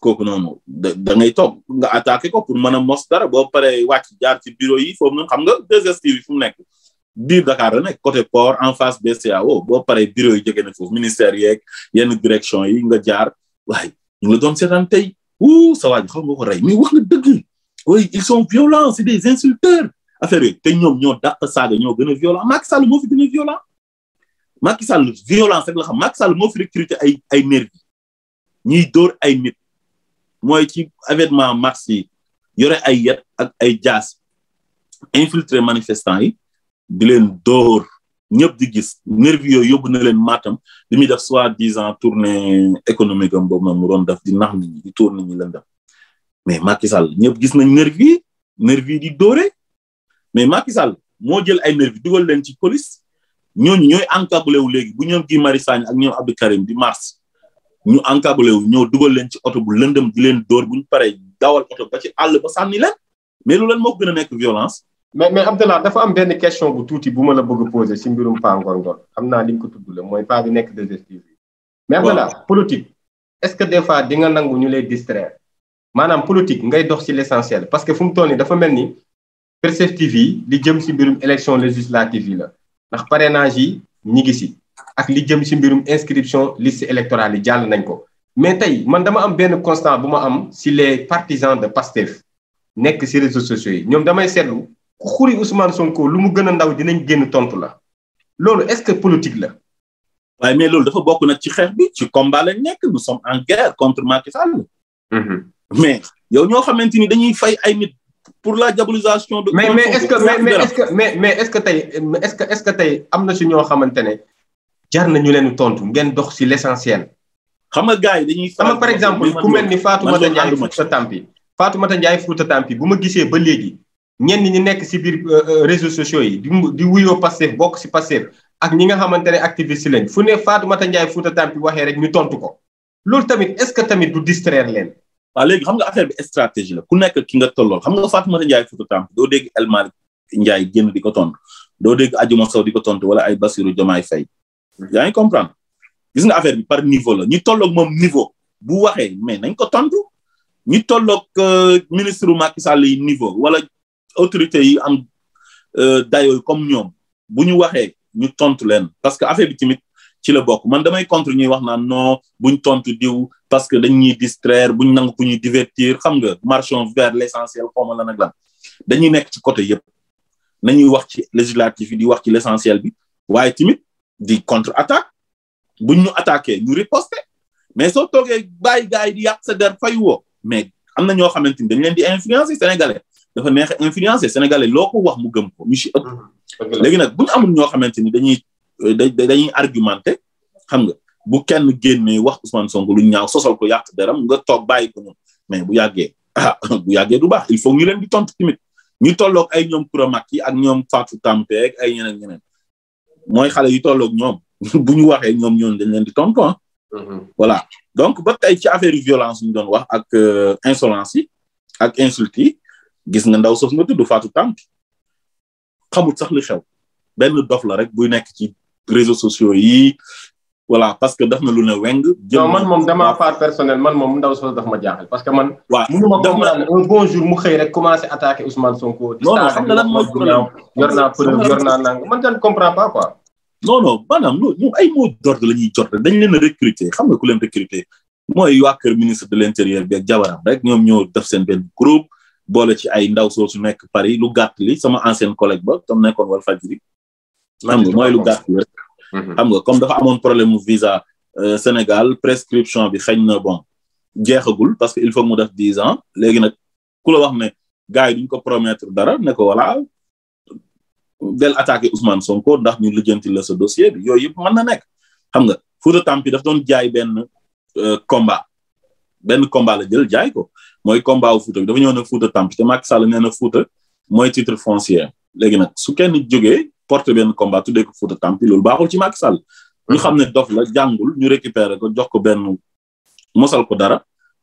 kooku noonu da da ngay toog nga attaqué ko pour mën a mos dara boo paree wàcc jaar ci bureau yi foofu noonu xam nga 2STV yi fu mu nekk biir Dakar la nekk côté port en face BCAO boo paree bureau yi jógee na foofu ministère yeeg yenn direction yi nga jaar waaye ñu la doon tey wuu sa waaj xam nga ko rey mais wax nga dëgg ils sont violents c'est des insulteurs affaire yooyu te ñoom ñoo dàq saaga ñoo gën a violent Macky Sall moo fi gën a violent Macky violence rek la xam Macky Sall moo fi ay ay nervi ñiy ay nit mooy ci avènement mars yi yore ay yet ak ay jaas infiltrer manifestants yi di leen dóor ñëpp di gis nervi yooyu na leen maatam li muy def soi-disant tournée économique am boobu noonu mu doon def di nax nit ñi di tour nit ñi leen def mais Macky Sall ñëpp gis nañ nervi nervi di doore mais Macky Sall moo jël ay nervi dugal leen ci police ñooñu ñooy encadré wu léegi bu ñoom Guy Marius Sagna ak ñoom Abdou Karim di mars ñu encablé wu ñoo dugal leen ci oto bu lëndëm di leen dóor bu ñu dawal oto ba ci àll ba sànni leen mais lu leen moo gën a nekk violence. mais mais Abdallah dafa am benn question bu tuuti bu ma la bëgg a posé si mbirum Pa Ngor Ngor xam naa li nga ko tudd mooy pa bi nekk de gestion bi. mais Abdallah est-ce que des fois di nga nangu ñu lay distraire maanaam politique ngay dox ci l'essentiel parce que fum mu toll nii dafa mel ni perspective yi di jëm si mbirum élection législative yi la ndax parrainage yi ñi ngi si. ak li jëm si mbirum inscription liste électorale yi jàll nañ ko mais tey man dama am benn constant bu ma am ci les partisans de Pastef nekk ci réseaux sociaux yi ñoom damay seetlu ku xuri Ousmane Sonko lu mu gën a ndaw dinañ génn tontu la loolu est-ce que politique la. waaye mais loolu dafa bokk na ci xeex bi ci combat lañ nekk nous sommes en guerre contre Macky Sall. Mm-hmm. mais yow ñoo xamante ni dañuy fay ay nit pour la diabolisation de. mais mais est ne jar nañu leen tontu ngeen dox si l' essentiel. xam nga gars yi dañuy. xam par exemple ku mel ni Fatoumata Ndiaye Fouta Tampi Fatoumata Ndiaye Fouta Tampi bu ma gisee ba léegi ñen ñi nekk si biir euh, euh, réseaux sociaux yi di di wuyoo Pastef bokk si Pastef ak ñi nga xamante ne activiste lañ fu ne Fatoumata Ndiaye Fouta Tampi waxee rek ñu tontu ko loolu tamit est ce que tamit du distraire leen. waaw léegi xam nga affaire bi stratégie la ku nekk ki nga tollool xam nga Fatoumata Ndiaye Fouta Tampi doo dégg El Malick Ndiaye di ko tontu doo dégg Adjuma Sow di ko tontu wala ay Bassirou Diomaye Faye yaa ngi comprendre gis nga affaire bi par niveau la ñu tolloog moom niveau bu waxee mais nañ ko tontu ñu tolloog euh, ministre Macky Sall yi niveau wala autorité yi am euh, dayoo comme ñoom bu ñu waxee ñu tontu leen parce que affaire bi tamit ci la bokk man damay contre ñuy wax naan no buñ tontu diw parce que dañ ñuy distraire buñ nangu ku ñuy divertir xam nga marchons vers l'essentiel xawma la nag lan dañuy nekk ci côté yëpp nañuy wax ci législatif yi di wax ci l'essentiel bi waaye tamit di contre-attaque buñ ñu attaqué ñu riposté mais soo toogee bàyyi gars yi di yàq sa der fay woo mais am na ñoo xamante ni dañ leen di influencer sénégalais dafa neex influencer sénégalais loo wax mu gëm ko ñu si ëpp mhm. léegi nag bu amul ñoo xamante ni dañuy euh, dañuy argumenté xam nga bu kenn génnee wax Ousmane Sonko lu ñaaw sosal ko yàq deram nga toog bàyyi ku noonu mais bu yàggee ah, bu yàggee du baax il faut ñu leen di tontu timit ñu tolloog ay ñoom Koura Macky ak ñoom Fatou Tampe ak ay ñeneen ñeneen mooy xale yu tolloog ñoom bu ñu waxee ñoom ñoon dañ leen di tontu ah. mhm. voilà donc ba tey ci affaire violence ñu doon wax ak euh, insolence yi ak insultes yi gis nga ndaw soos nga tudd Fatou Tampi xamul sax li xew benn dof la rek buy nekk ci réseaux sociaux yi voilà parce que daf na lu ne weng. non man moom dama part personnel man moom ndaw soo daf ma jaaxal parce que man. waaw mënu ma comprendre xëy rek commencé attaqué Ousmane Sonko. di saa xam ne lan mooy problème yor naa preuve yor naa nang man dañ comprend pas quoi. non non ay mots d'ordre la ñuy jot dañ leen a xam nga ku leen recruter mooy waa kër ministre de l' intérieur bi ak jabaram rek ñoom ñoo def seen benn groupe. boole ci ay ndaw soo su nekk Paris lu gàtt li sama ancienne collègue ba tam nekkoon Walfadjri. xam nga mooy lu gàtt li rek. Mhm. xam nga comme dafa amoon problème mu visa euh, Sénégal prescription bi xëy na bon jeexagul parce que il faut mu def dix ans léegi nag ku la wax ne gars yi duñ ko promettre dara ne ko wala del attaqué Ousmane Sonko ndax ñu lijjanti la sa dossier bi yooyu yëpp mën na nekk xam nga Fouta Tampi daf doon jaay benn euh, combat benn combat la jël jaay ko mooy combat wu Fouta bi dafa ñëw ne Fouta Tampi te Macky Sall nee na Fouta mooy titre foncier léegi nag su kenn jógee porte benn combat tuddee ko Fouta Tampi loolu baaxul ci Macky Sall. ñu mm-hmm. xam ne dof la jàngul ñu récupérer ko jox ko benn mosal ko dara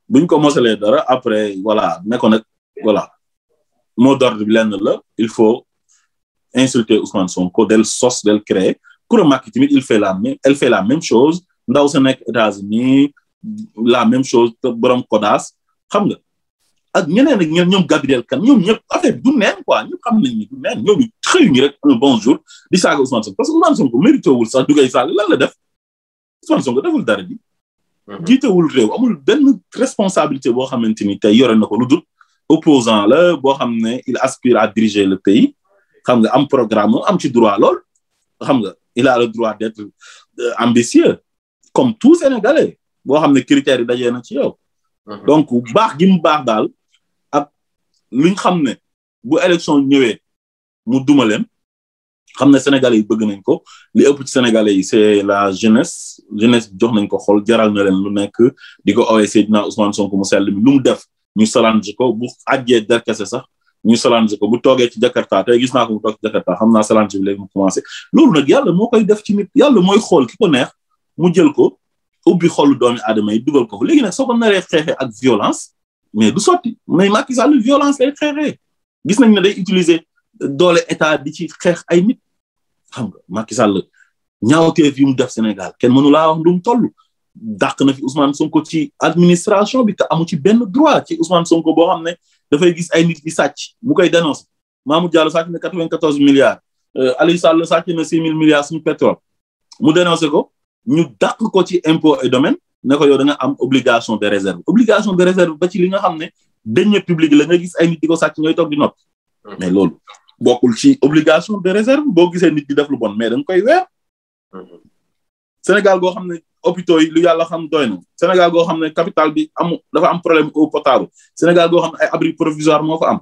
buñ ko mosalee dara après voilà ne ko nag voilà mot d'ordre bi lenn la il faut insulter Ousmane Sonko del sos del créer pour Macky tamit il fait la même elle chose ndaw sa nekk États-Unis la même chose borom Kodas xam nga. ak ñeneen ak ñoom ñoom Gabriel Kane ñoom ñëpp affaire du meen quoi ñëpp xam nañ ni du meen ñoom rek un bon jour di saaga Ousmane Sonko parce que Ousmane Sonko mérité wul sax dugay saaga lan la def Ousmane Sonko deful dara bi mhm. jiitewul réew amul benn responsabilité boo xamante ni tey yore na ko lu dul opposant la boo xam ne il aspire à diriger le pays xam nga am programme am ci droit lool xam nga il a le droit d'être euh, ambitieux comme tout Sénégalais boo xam ne critères yi dajee na ci yow mhm. donc baax gi mu baax daal liñ xam ne bu élection ñëwee mu duma leen xam ne sénégalais yi bëgg nañ ko li ëpp ci sénégalais yi c'est la jeunesse jeunesse jox nañ ko xool jaral na leen lu nekk di ko awee na Ousmane Sonko mu sell mi lu mu def ñu salange ko bu àjjee derkese sax ñu salange ko bu toogee ci Jakarta tey gis naa ko mu toog ci Jakarta xam naa salange bi léegi mu commencé loolu nag yàlla moo koy def ci mit yàlla mooy xool ki ko neex mu jël ko ubbi xolu doomi adama yi dugal ko léegi nag soo ko naree xeexee ak violence mais du sotti mais Macky Sall violence lay xeexee gis nañ ne day utiliser doole état bi ci xeex ay nit xam nga Macky Sall ñaawteef yu mu def Sénégal kenn mënu laa wax lu mu toll dàq na fi Ousmane Sonko ci administration bi te amu ci benn droit ci Ousmane Sonko boo xam ne dafay gis ay nit di sàcc mu koy dénoncer Mamour Diallo sàcc na 94 milliards euh, Aliou Sall sàcc na 6 000 milliards suñu pétrole mu dénoncer ko ñu dàq ko ci impôt et domaine ne ko da nga am obligation de réserve obligation de réserve ba ci li nga xam ne deniers publics la nga gis ay nit di ko sàcc ñooy toog di noppi. mais loolu bokkul ci obligation de réserve boo gisee nit di def lu bon mais da koy weer. senegal goo xam ne hôpitaux yi lu yàlla xam doy na Sénégal goo xam ne capital bi am dafa am problème eau potable senegal goo xam ne ay abri provisoire moo fa am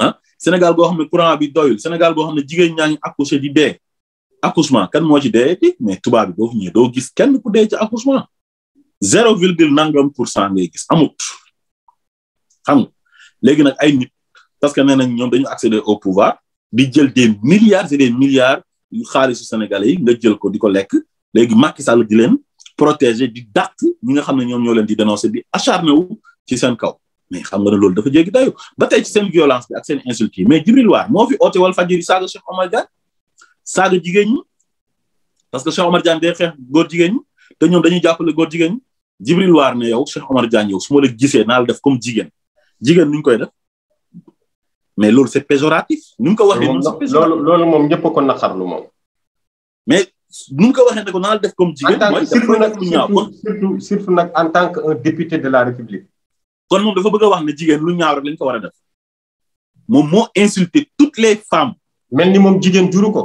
ah senegal goo xam ne courant bi doyul senegal goo xam ne jigéen ñaa ngi accouché di dee accouchement kan moo ci dee mais tubaab bi boo fi doo gis kenn ku dee ci accouchement zéro virgule nangam pour cent ngay gis amut xam nga léegi nag ay nit parce que nee nañ ñoom dañu accéder au pouvoir di jël de milliards et des milliards yu xaalisu sénégalais yi nga jël ko di ko lekk léegi Macky Sall di leen protéger di dàq ñi nga xam ne ñoom ñoo leen di dénoncer di acharné wu ci seen kaw mais xam nga ne loolu dafa jéggi dayo ba tey ci seen violence bi ak seen insulte yi mais Djibril War moo fi oote wal fajiri saaga Cheikh Omar Diagne saaga jigéen ñi parce que Cheikh Omar Diagne day xeex góor jigéen ñi te ñoom dañuy jàppale góor jigéen ñi Jibril Waar ne yow Cheikh Omar Diagne su ma la gisee naa la def comme jigéen jigéen nu ñu koy def mais loolu c'est péjoratif. nu mu ko waxee noonu c'est péjoratif loolu moom ñëpp a ko naqarlu moom. mais nu mu ko waxee ne ko naa la def comme jigéen. mooy surtout nag surtout surtout nag en tant que un député de la République. kon moom dafa bëgg a wax ne jigéen lu ñaaw rek lañ ko war a def moom moo insulté toutes les femmes. mel ni moom jigéen juru ko.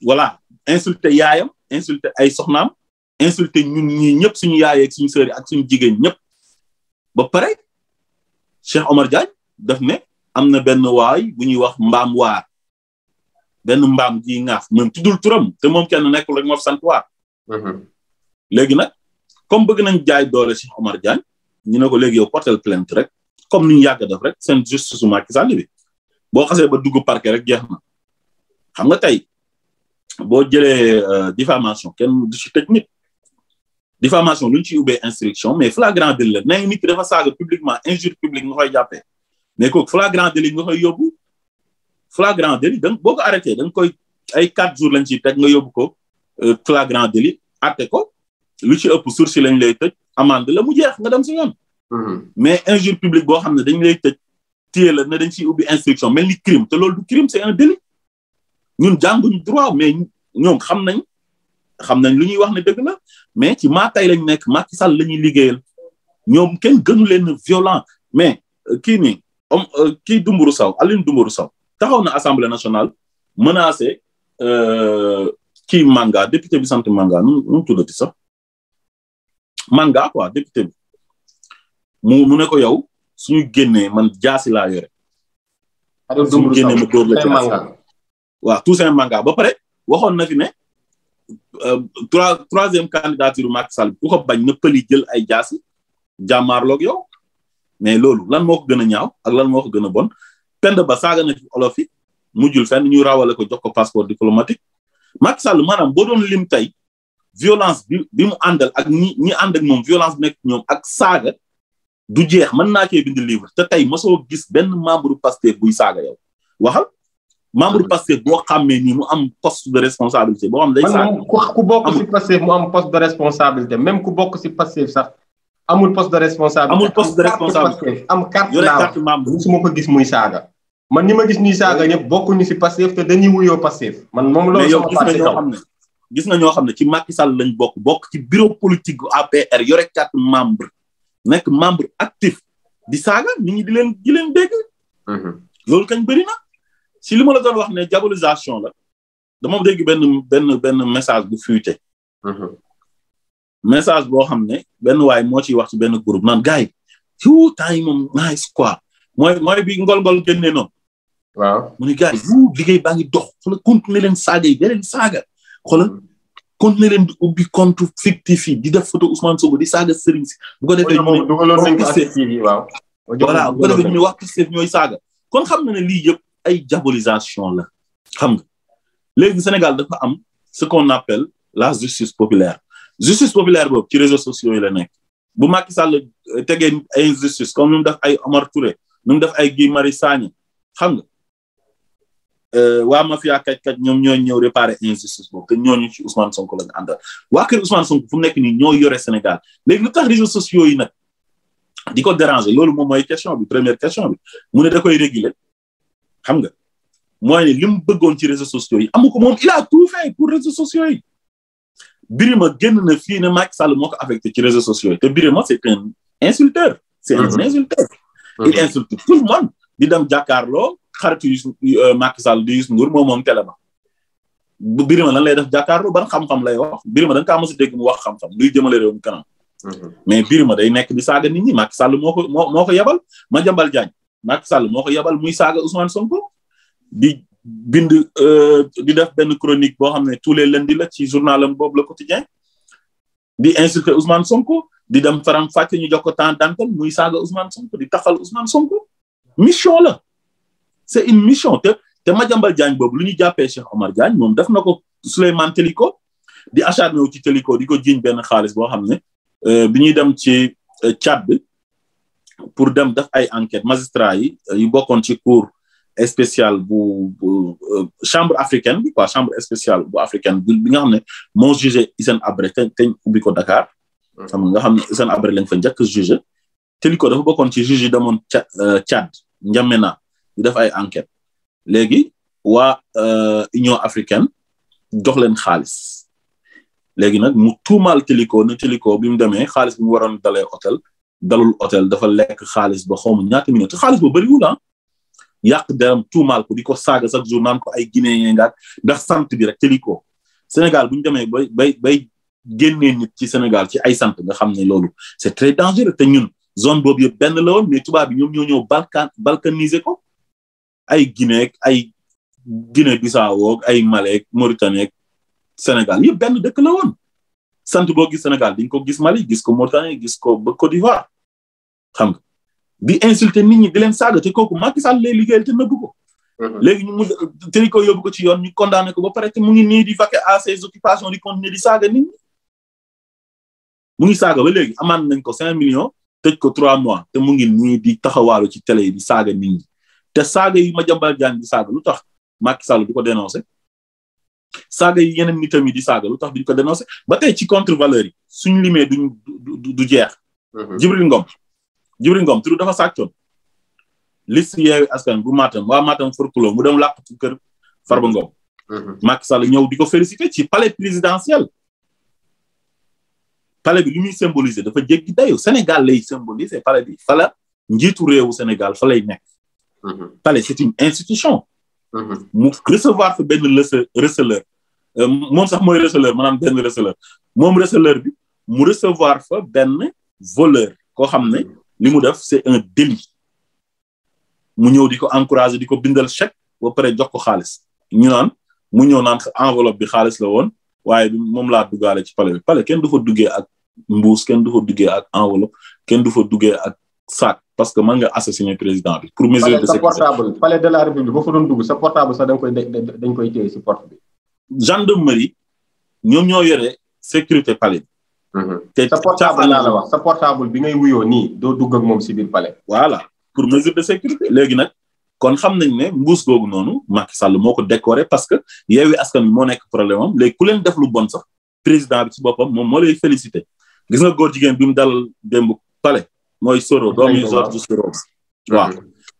voilà insulté yaayam insulté ay soxnaam. insulté ñun ñii ñëpp suñu yaay ak suñu sœur ak suñu jigéen ñëpp ba pare Cheikh Omar Diagne def ne am na benn waay bu ñuy wax mbaam waar benn mbaam ji ngaaf moom tuddul turam te moom kenn nekkul rek moo sant waar. Mhm. léegi nag comme bëgg nañ jaay doole Cheikh Omar Diagne ñu ne ko léegi yow portel plainte rek comme ni ñu yàgg def rek seen justice su Macky bi boo xasee ba dugg parke rek jeex na xam nga tey boo jëlee euh, diffamation kenn du diffamation lu ñu ciy ubbee instruction mais flagrant délit la nee nit ki dafa saaga publiquement injure publique nga koy jàppee mais kooku flagrant délit nga koy yóbbu flagrant délit donc boo arrêté da nga koy ay quatre jours lañ ci teg nga yóbbu ko euh, flagrant délit atte ko lu ci ëpp sursis lañ lay tëj amende la mu jeex nga dem si yoon. Mm-hmm. mais injure publique boo xam ne dañ lay tëj téye la ne dañ ciy ubbi instruction mel ni crime te loolu du crime c'est un délit ñun jànguñu droit mais ñoom xam nañ xam nañ lu ñuy wax ne dëgg la mais ci maatay lañ nekk Macky Sall la ñuy liggéeyal ñoom kenn gënu leen violent mais euh, ki nii om euh, kii Dumburu Saw Aline Dumburu Saw taxaw na assemblée nationale menacé euh, kii Manga député bi sant Manga nu mu tuddati sax Manga quoi député bi mu mu ne ko yow suñu génnee man jaasi laa yore. suñu génnee mu dóor la ci waaw Toussaint Manga ba pare waxoon na fi ne. Euh, trois troisième candidature Macky Sall ku ko bañ na pëli jël ay jaasi jàmmaarloog yow mais loolu lan moo ko gën a ñaaw ak lan moo ko gën a bon pend ba saaga na ci olof yi mujjul fenn ñu rawale ko jox ko passeport diplomatique Macky Sall maanaam boo doon lim tey violence bi bi mu àndal ak ñi ñi ànd ak moom violence bi nekk ñoom ak saaga du jeex mën naa cee bind livre te tey mosoo gis benn membre Pastef guy saaga yow waxal membre Pastef boo xàmmee nii mu am poste de responsabilité boo xam day. ku bokk si Pastef mu am poste de responsabilité même ku bokk si Pastef sax amul poste de responsabilité. amul poste de responsabilité am carte membre yore su ma ko gis muy saaga. man ni ma gis ñuy saaga ñëpp bokkuñu si Pastef te dañuy wuyoo Pastef. man moom loolu sama passé xam ne gis na ñoo xam ne ci Macky Sall lañ bokk bokk ci bureau politique gu APR yore carte membre nekk membre actif di saaga nit ñi di leen di leen dégg. Mhm. loolu ci li ma la doon wax ne diabolisation la dama dégg benn benn benn message bu fuité mhm. message boo xam ne benn waay moo ciy wax ci benn groupe naan gars yi yu temps yi moom nice quoi mooy mooy bi ngol-ngol génnee noonu waaw mu ne gars yi mhm. liggéey baa ngi dox xoolal continuer leen saaga yi da leen saaga xoolal mhm. continuer leen di ubbi compte fictif yi di def photo Ousmane Sonko di saaga sëriñ si bu ko defee ñu ne waaw voilà bu ko defee ñu saaga kon xam na ne lii yëpp ay diabolisation la xam nga léegi Sénégal dafa am ce qu'on appelle la justice populaire justice populaire boobu ci réseaux sociaux yi la nekk bu Macky Sall euh, tegee ay injustice comme nu mu ay Omar Touré nu mu def ay Guy Marius Sagna xam nga euh, waa mafia kaj-kaj ñoom ñooy ñëw réparer injustice boobu te ñooñu ci Ousmane Sonko la ñu àndal waa kër Ousmane fu nekk nii ñoo yore Sénégal léegi lu tax réseaux sociaux yi nag di ko déranger loolu moom mooy question bi première xam nga mooy ne li bëggoon ci réseaux sociaux yi amu ko moom il a tout fait pour réseaux sociaux yi. Birima génn na fii ne Macky Sall moo ko affecté ci réseau sociaux yi te Birima c'est un insulteur. c'est un mhm. insulteur. Mhm. il insulte tout le monde. di dem jàkkaarloo xaritu euh, Macky Sall di Youssou Ndour moom moom télé ba. Birima lan lay def jàkkaarloo ban xam-xam lay wax Birima da nga kaa mos a dégg mu wax xam-xam luy jëmale réew mi kanam. Mhm. mais Birima day nekk di saaga nit ñi Macky Sall moo ko moo moo ko yebal Madiambal Diagne Macky sal moo ko yebal muy saaga Ousmane Sonko di bind euh, di def benn chronique boo xam ne tous les lundis la ci journalam boobu le quotidien di insulter Ousmane Sonko di dem faram fàcce ñu jox ko temps d'antenne muy saaga Ousmane Sonko di taxal Ousmane Sonko mission la c'est une mission te te Madiambal Diagne boobu lu ñu jàppee Cheikh Omar Diagne moom def na ko Souleymane Teliko di acharné wu ci Teliko di ko jiiñ benn xaalis boo xam ne euh, bi ñuy dem ci euh, Tchad pour dem def ay enquête magistrat yi euh, yu bokkoon ci cour spéciale bu euh, chambre africaine bi quoi chambre spéciale bu africaine bi nga xam ne moo jugé Hissène abre te teñ ubbi ko Dakar hmm. nga xam ne Hissène Habré lañ fa njëkk jugé te ko dafa bokkoon ci juge yi demoon Tchad euh, N'Djamena yu def ay enquête léegi waa Union africaine jox leen xaalis léegi nag mu tuumaal Téliko ne Téliko bi mu demee xaalis bi mu waroon dalee hôtel dalul hôtel dafa lekk xaalis ba xawma ñaata million te xaalis ba bëriwul ah yàq deram tuumaal ko di ko saaga chaque jour nan ko ay guinéen ngaat ndax sant bi rek tëli ko Sénégal bu ñu demee bay bay bay génnee nit ci Sénégal ci ay sant nga xam ne loolu c'est très dangereux te ñun zone boobu yëpp benn la woon mais bi ñoom ñoo ñëw balkan balkaniser ko ay Guinée ay Guinée Bissau ay Mali Mauritanie Sénégal yëpp benn dëkk la sant boo gis Sénégal di nga ko gis Mali gis ko Mauritanie gis ko ba Côte d'Ivoire xam nga di insulter nit ñi di leen saaga te kooku Macky lee lay liggéeyal te nëbbu ko. Mhm. léegi ñu mujj tëri ko yóbbu ko ci yoon ñu condamné ko ba pare te mu ngi nii di vaquer à ses occupations di continuer di saaga nit ñi. mu ngi saaga ba léegi amaan nañ ko cinq million tëj ko trois mois te mu ngi nii di taxawaalu ci télé yi di saaga nit te saaga yi ma jàmbal jaan di saaga lu tax Macky Sall du ko saaga yi yeneen nitam yi di saaga lu tax duñ ko dénoncé ba tey ci contre valeur yi suñ limee duñ du du jeex. Mhm. Jibril Ngom Jibril Ngom turu dafa sàccoon. liste yeewi askan bu Matam waa Matam forpuloo mu dem làqatu kër Farba Ngom. Mhm. Macky Sall ñëw di ko ci palais présidentiel. palais bi li muy dafa jéggi dayo Sénégal lay symboliser palais bi fala njiitu réewu Sénégal fa lay nekk. Mhm. palais c'est une institution. Mhm. mu recevoir fa benn lese receleur euh, moom sax mooy receleur maanaam benn receleur moom receleur bi mu recevoir fa benn voleur koo xam ne li mu def c'est un délit mu ñëw di ko encourager di ko bindal chèque ba pare jox ko xaalis ñu naan mu ñëw naan enveloppe bi xaalis la woon waaye bi moom laa duggaale ci palais bi palais kenn du fa duggee ak mbuus kenn du fa duggee ak enveloppe kenn du fa duggee ak sac parce que mën nga assassiner président bi. pour mesure de sécurité palais sa portable palais de la république boo fa bi. ñoom ñoo yore sécurité palais bi. Mhm. te sa bi ngay wuyoo nii doo dugg moom si biir palais. voilà pour mesure de sécurité léegi nag. kon xam nañ ne mbuus googu noonu Macky moo ko décoré parce que Yewwi Askan moo nekk problème ku leen def lu bon sax président bi ci boppam moom moo lay félicité gis nga góor jigéen bi mu dal démb palais mooy Soro doomu George Soros waaw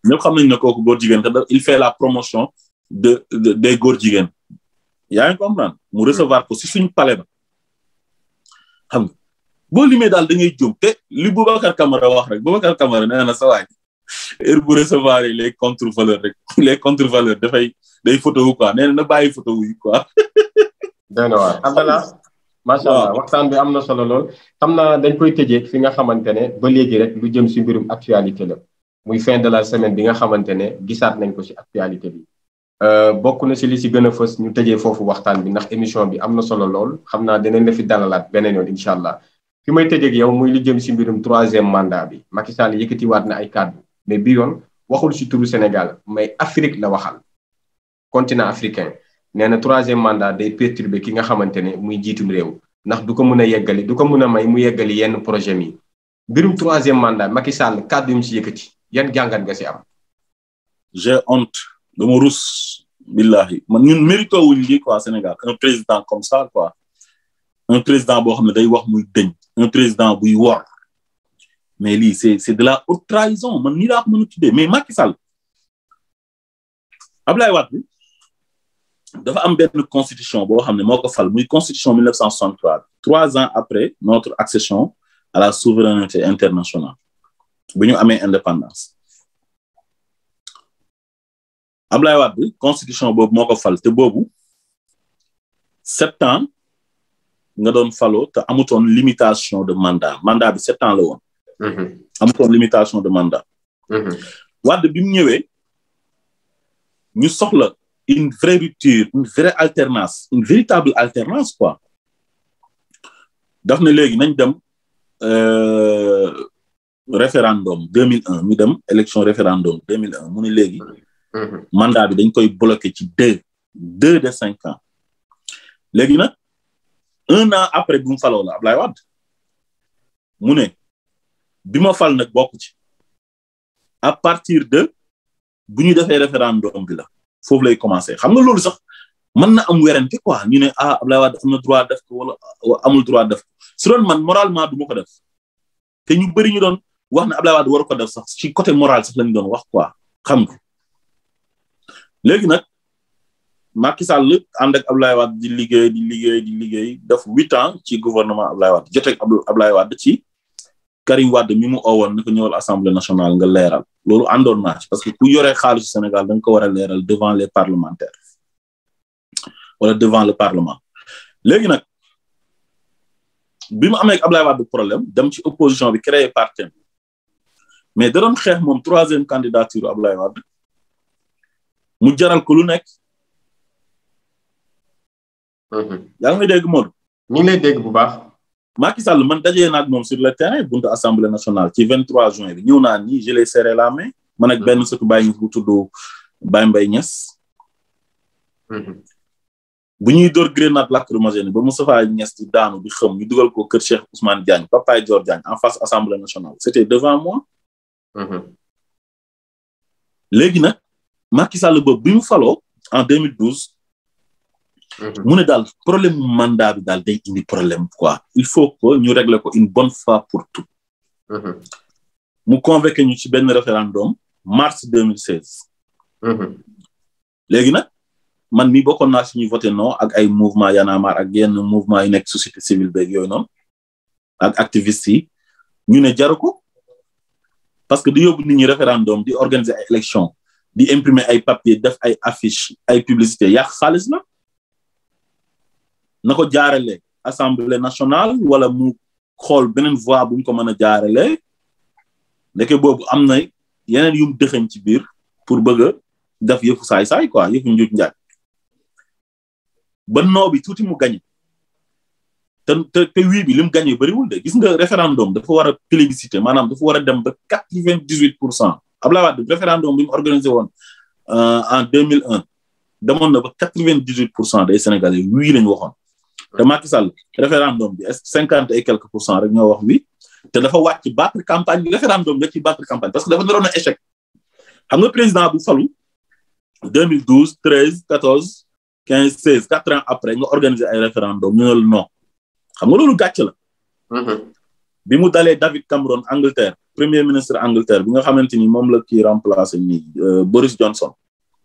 ñëpp xam nañ ne kooku góor jigéen te il fait la promotion de des góor jigéen yaa ngi comprendre mu recevoir ko si suñu palais xam nga boo limee daal da ngay jóg te li bu Boubacar Camara wax rek Boubacar Camara nee na sa waay heure bu recevoir yi les contre-valeurs rek les contre-valeurs dafay day photo wu quoi nee na na bàyyi photo wu yi quoi. macha allah waxtaan bi am na solo lool xam naa dañ koy tëjee fi nga xamante ne ba léegi rek lu jëm si mbirum actualité la muy fin de la semaine bi nga xamante ne gisaat nañ ko si actualité bi euh, bokk na si li si gën a fës ñu tëjee foofu waxtaan bi ndax émission bi am na solo lool xam naa dinañ la danalaat beneen yoon incha allah fi may tëjee ak yow muy lu jëm si mbirum troisième mandat bi Macky Sall yëkkatiwaat na ay kàddu mais bi yoon waxul si turu Sénégal mais Afrique la waxal continent africain nee na troisième mandat day perturber ki nga xamante ne muy jiitum réew ndax du ko mën a yeggali du ko mën a may mu yeggali yenn projet mi mbirum troisième mandat Macky Sall kàddu yum si yëkkati yan jàngat nga si am. j'ai honte dama rus. billahi man ñun mérito wuñ lii quoi Sénégal un président comme ça quoi un président boo xam ne day wax mu dëñ un président buy wor mais li c'est c'est de la haute trahison man nii laa ko mën a tuddee mais Macky Sall Abdoulaye bi dafa am benn constitution boo xam ne moo ko fal muy constitution 1963 trois ans après notre accession à la souveraineté internationale bu ñu amee indépendance Ablaye Wade constitution boobu moo ko fal te boobu sept nga doon falo te amutoon limitation de mandat mandat bi sept ans la woon mm-hmm. amutoon limitation de mandat mm-hmm. Wade bi mu ñëwee ñu soxla une vraie rupture une vraie alternance une véritable alternance quoi daf na léegi nañ dem euh, référendum 2001 ñu dem élection référendum 2001 mu ne léegi mm-hmm. mandat bi dañ koy bloqué ci deux deux de cinq ans léegi nag un an après bu mu faloo la Ablaye Wade mu ne bi fal nag bokk ci à partir de bu ñu defee référendum bi la foofu lay commencé xam nga loolu sax mën na am werante quoi ñu ne ah Abdoulaye Wade am na droit def ko wala amul droit def si su doon man moralement du ma ko def te ñu bari ñu doon wax na Abdoulaye Wade war ko def sax ci côté moral sax lañ doon wax quoi xam nga léegi nag Macky Sall ànd ak Abdoulaye Wade di liggéey di liggéey di liggéey def huit ans ci gouvernement Abdoulaye Wade joteeg Abdoulaye Wade ci Karim Wade mi mu owoon ni ko ñëwal nationale nga leeral loolu àndoon naa parce que ku yore xaalisu Sénégal da ko war a leeral devant les parlementaires wala devant le parlement léegi nag bi mu amee Ablaye Wade problème dem ci opposition bi créé parti mais da doon xeex moom troisième candidature Ablaye Wade mu jaral ko lu nekk. Mhm. yaa ngi dégg Modou. ñu ngi lay dégg bu baax. Macky Sall man dajee naag moom sur le terrain buntu assemblée nationale ci 23 juin bi ñëw naa nii je l'ai serré la main man ak benn sëtu Baye Niass bu tudd Baye Mbaye Niass. Mhm. bu ñuy dor door grenade lacrymogène ba mu Niass di daanu bi xam ñu dugal ko kër Cheikh Ousmane Diagne papaay jor Diagne en face assemblée nationale c'était devant moi. Mhm. léegi nag Macky Sall boobu bi mu faloo en 2012. Mhm. mu ne daal problème mu mandat bi daal day indi problème quoi il faut que ñu régler ko une bonne fois pour tout. Mhm. mu convoqué ñu ci benn référendum mars 2016. Mhm. léegi nag man mi bokkoon naa si ñu voté non ak ay mouvement Y'en a ak yenn mouvement yu nekk société civile beeg yooyu noonu ak activistes yi ñu ne jaru ko parce que di yóbbu nit ñi référendum di organiser ay élection di imprimer ay papier def ay affiche ay publicité yàq xaalis la. na ko jaarale assemblée nationale wala mu xool beneen voie bu ko mën a jaarale ndeke boobu am na yeneen yum dëxañ ci biir pour bëgg a def yëfu saay-saay quoi yëfu njuuj njaaj ba noo bi tuuti mu gañe te te wii bi li mu gagné de gis nga référendum dafa war a plébiscité maanaam dafa war a dem ba quatre-vingt-dix-huit pour cent Abdoulaye Wade référendum bi mu woon euh, en deux mille un demoon na ba quatre-vingt-dix-huit pour cent des Sénégalais wii lañu te Macky Sall référendum bi est cinquante et quelques pour cent rek ñoo wax oui te dafa wàcc ci battre campagne bi nga bi da ci battre campagne parce que dafa naroon a échec xam nga président bu falu 2012 13 14 15 16 après nga organiser ay référendum ñu ne la non xam nga loolu gàcc la mm-hmm. bi mu dalee David Cameron Angleterre premier ministre Angleterre bi nga xamante ni moom la kii remplacé ni euh, Boris Johnson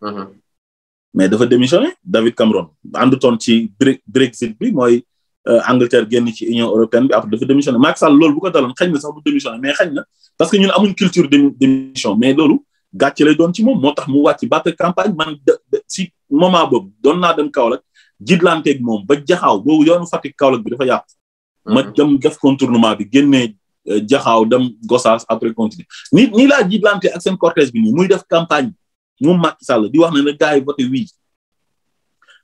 mm-hmm. mais dafa démissionné David Cameron àndutoon ci Brexit bi mooy euh, Angleterre génn ci Union européenne bi après dafa démissionné Macky Sall loolu bu ko daloon xañ na sax bu démissionné mais xañ na parce que ñun amuñ culture démission mais loolu gàcce lay doon ci moom moo tax mu wàcc battre campagne man si moment boobu doon naa dem Kaolack jidlanteeg moom ba jaxaw boobu yoonu Fatick Kaolack bi dafa yàqu. ma mhm. dem def contournement bi génnee euh, jaxaaw dem Gossas après continuer. ni nii laa jidlante ak seen cortège bi muy def campagne moom Macky Sall di wax na gars yi voté oui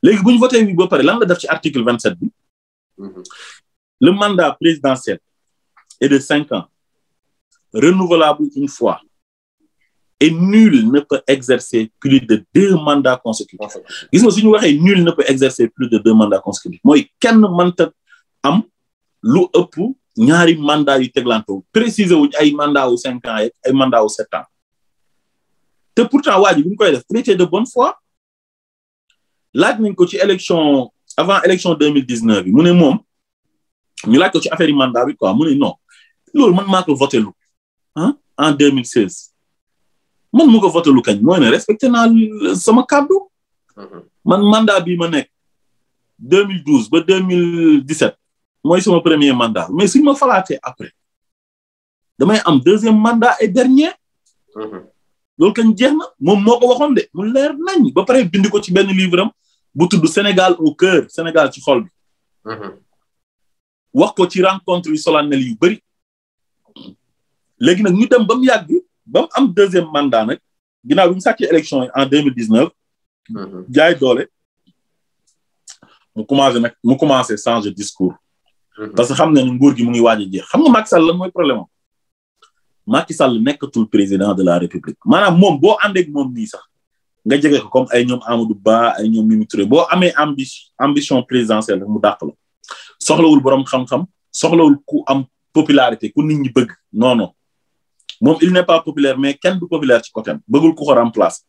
léegi bu ñu voté oui ba pare lan la def ci article vingt sept bi mhm. le mandat présidentiel est de cinq ans renouvelable une fois et nul ne peut exercer plus de deux mandats consécutifs gis nga su ñu waxee nul ne peut exercer plus de deux mandats consécutifs mooy kenn manta am lu ëpp ñaari mandat yu teglanto préciser wuñ ay mandat wu cinq ans ay mandat wu sept ans te pourtant waa ji bi mu koy def il de bonne foi laaj nañ ko ci élection avant élection deux mille dix neuf bi mu ne moom ñu laaj ko ci affaire yi mandat bi quoi mu ne non loolu man maa ko voté lu ah en deux mille seize man mu ko voté lu kañ mooy ne respecté naa sama kàddu. Mhm. man manda bii ma nekk deux mille douze ba deux mille dix mooy sama premier manda mais suñ ma falaatee après damay am deuxième manda et dernier. Mhm. loolu kañ jeex moom moo ko waxoon de mu leer nañ ba pare bind ko ci benn livre bu tudd Sénégal au cœur Sénégal ci xool bi. Mhm. wax ko ci rencontre yu solennel yu bëri. léegi nag ñu dem ba mu yàgg ba mu am deuxième mandat nag ginaaw bi mu sàccee élection yi en deux mille dix neuf. Mhm. jaay doole mu commencé nag mu commencé changer discours. Mhm. parce que xam ne nguur gi mu ngi waaj a jeex xam nga Macky Sall lan mooy problème Macky Sall nekkatul président de la république maanaam moom boo àndeeg moom nii sax nga jege ko comme ay ñoom Amadou Ba ay ñoom Mimi Touré boo amee ambi ambition présidentielle mu dàq la soxlawul borom xam-xam soxlawul ku am popularité ku nit ñi bëgg non non moom il ne pas populaire mais kenn du populaire ci côté bëggul ku ko remplacer.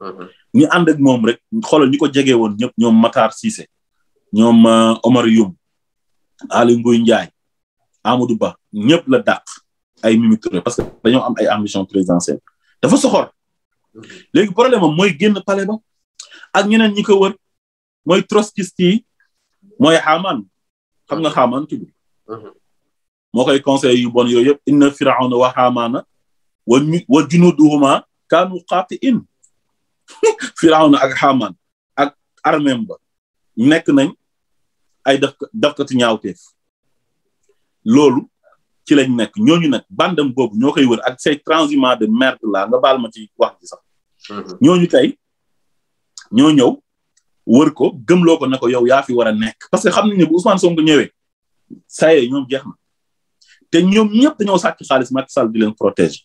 Mhm. ñu ànd ak moom rek xoolal ñi ko jege woon ñëpp ñoom Matar Cissé ñoom euh, Omar Youm Aly Ngouille Ndiaye Amadou Ba ñëpp la dàq. ay Mimi Touré parce que dañoo am ay ambition présidentielle dafa soxor léegi problème am mooy génn palais ba ak ñeneen ñi ko wër mooy trotskiste yi mooy xam nga xaamaan mhm. koy conseil yu bon yooyu yëpp inna firawna wa xaamaana wa wa junuduhuma kaanu xaatiin firawna ak xaamaan ak armem ba nekk nañ ay def dafkati ñaawteef loolu ci lañ nekk ñooñu nag bandam boobu ñoo koy wër ak say transhumants de merde la nga baal ma ci wax ji sax. Mhm. ñooñu tey ñoo ñëw wër ko gëmloo ko ne ko yow yaa fi war a nekk. parce que xam nañ ne bu Ousmane Sonko ñëwee saa ñoom jeex na te ñoom ñëpp dañoo sàcc xaalis Macky Sall di leen protéger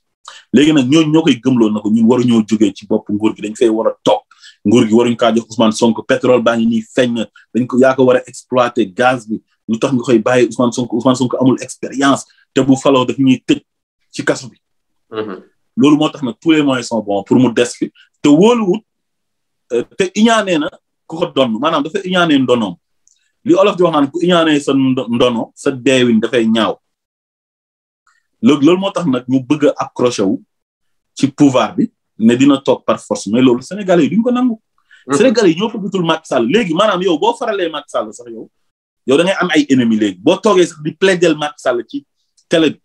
léegi nag ñooñu ñoo koy gëmloo na ko ñun waruñoo jógee ci bopp nguur gi dañ fay war a toog. nguur gi waruñu kaa jox Ousmane sonk pétrole baa ngi nii feeñ dañ ko yaa ko war a exploiter gaz bi lu tax nga koy bàyyi Ousmane Sonko Ousmane Sonko amul expérience te bu falo daf ñuy tëj ci kaso bi. Mm-hmm. loolu moo tax nag tous les moyens sont pour mu des fi te wóoluwut euh, te iñaanee na ku ko donn maanaam dafa iñaanee ndonoom li olof di wax naan ku iñaanee sa ndono sa deewin dafay ñaaw loolu loolu moo tax nag ñu bëgg a accroché wu ci pouvoir bi ne dina toog par force mais loolu sénégalais yi duñ ko nangu. Mm-hmm. sénégalais yi ñoo bëggatul Macky Sall léegi maanaam yow boo faralee Macky Sall sax yow yow da am ay ennemis léegi boo toogee sa di plaidel Macky Sall ci. télé bi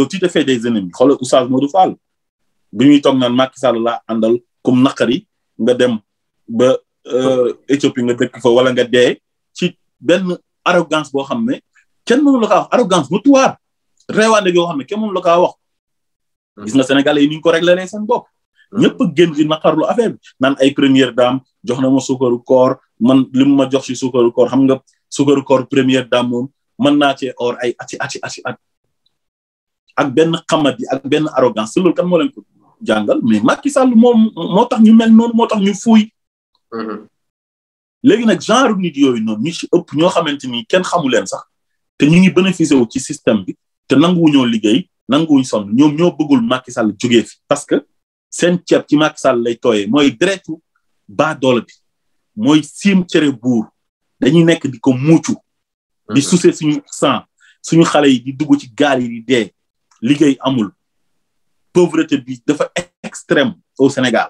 yow tu te fais des ennemis xoolal Oustaz Modou Fall bi ñuy toog naan Macky Sall laa àndal comme naqari nga dem ba euh, Éthiopie nga dëkk fa wala nga dee ci benn arrogance boo xam ne kenn mënu la kaa wax arrogance mutuwaar reewaande yoo xam ne kenn mënu la kaa wax. Hmm. gis nga Sénégalais yi ni ko réglé seen bopp. Hmm. ñëpp a génn di naqarlu affaire bi naan ay première dame jox na ma suukaru koor man li mu ma jox ci suukaru koor xam nga suukaru koor première dame moom mën naa cee or ay ati ati ati at ak benn xamat yi ak benn arrogance loolu kan moo leen ko jàngal mais Macky moom moo tax ñu mel noonu moo tax ñu fuuy. Mhm. léegi nag genre nit yooyu noonu ñu ci ëpp ñoo xamante ni kenn xamu leen sax te ñu ngi bénéficié wu ci système bi te nanguwuñoo liggéey nanguwuñ sonn ñoom ñoo bëggul Macky Sall jógee fi. parce que seen ceeb ci Macky Sall lay tooyee mooy deretu baa doole bi mooy siim cere buur dañuy nekk di ko muucu. di mhm. suusee suñu sang suñu xale yi di dugg ci gaal yi di liggéey amul pauvreté bi dafa extrême au Sénégal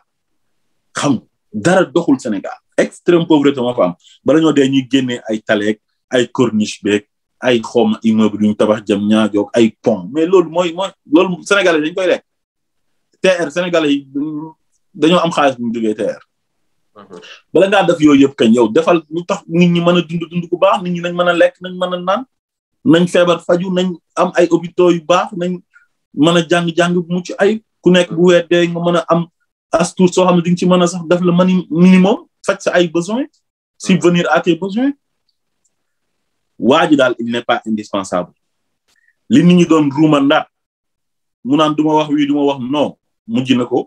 xam dara doxul Sénégal extrême pauvreté moo fa am bala ñoo dee ñuy génnee ay taleeg ay corniche beeg ay xawma immeuble yu ñu tabax jëm ñaajoog ay pont mais loolu mooy mooy lool sénégalais dañ koy lekk TR sénégalais dañoo am xaalis bu ñu jógee TR mhm. bala ngaa def yooyu yëpp kañ yow defal lu tax nit ñi mën a dund dund ku baax nit ñi nañ mën a lekk nañ mën a naan nañ feebar faju nañ am ay hôpitaux yu baax nañ mën a jàng-jàng bu mucc ay ku nekk bu weer dee nga mën a am astour soo xam ne di nga ci mën a sax def le mani minimum faj sa ay besoin subvenir à at besoins waa ji daal il n'est pas indispensable li nit ñi doon ruuma ndaat naan du ma wax wi du ma wax non mujj na ko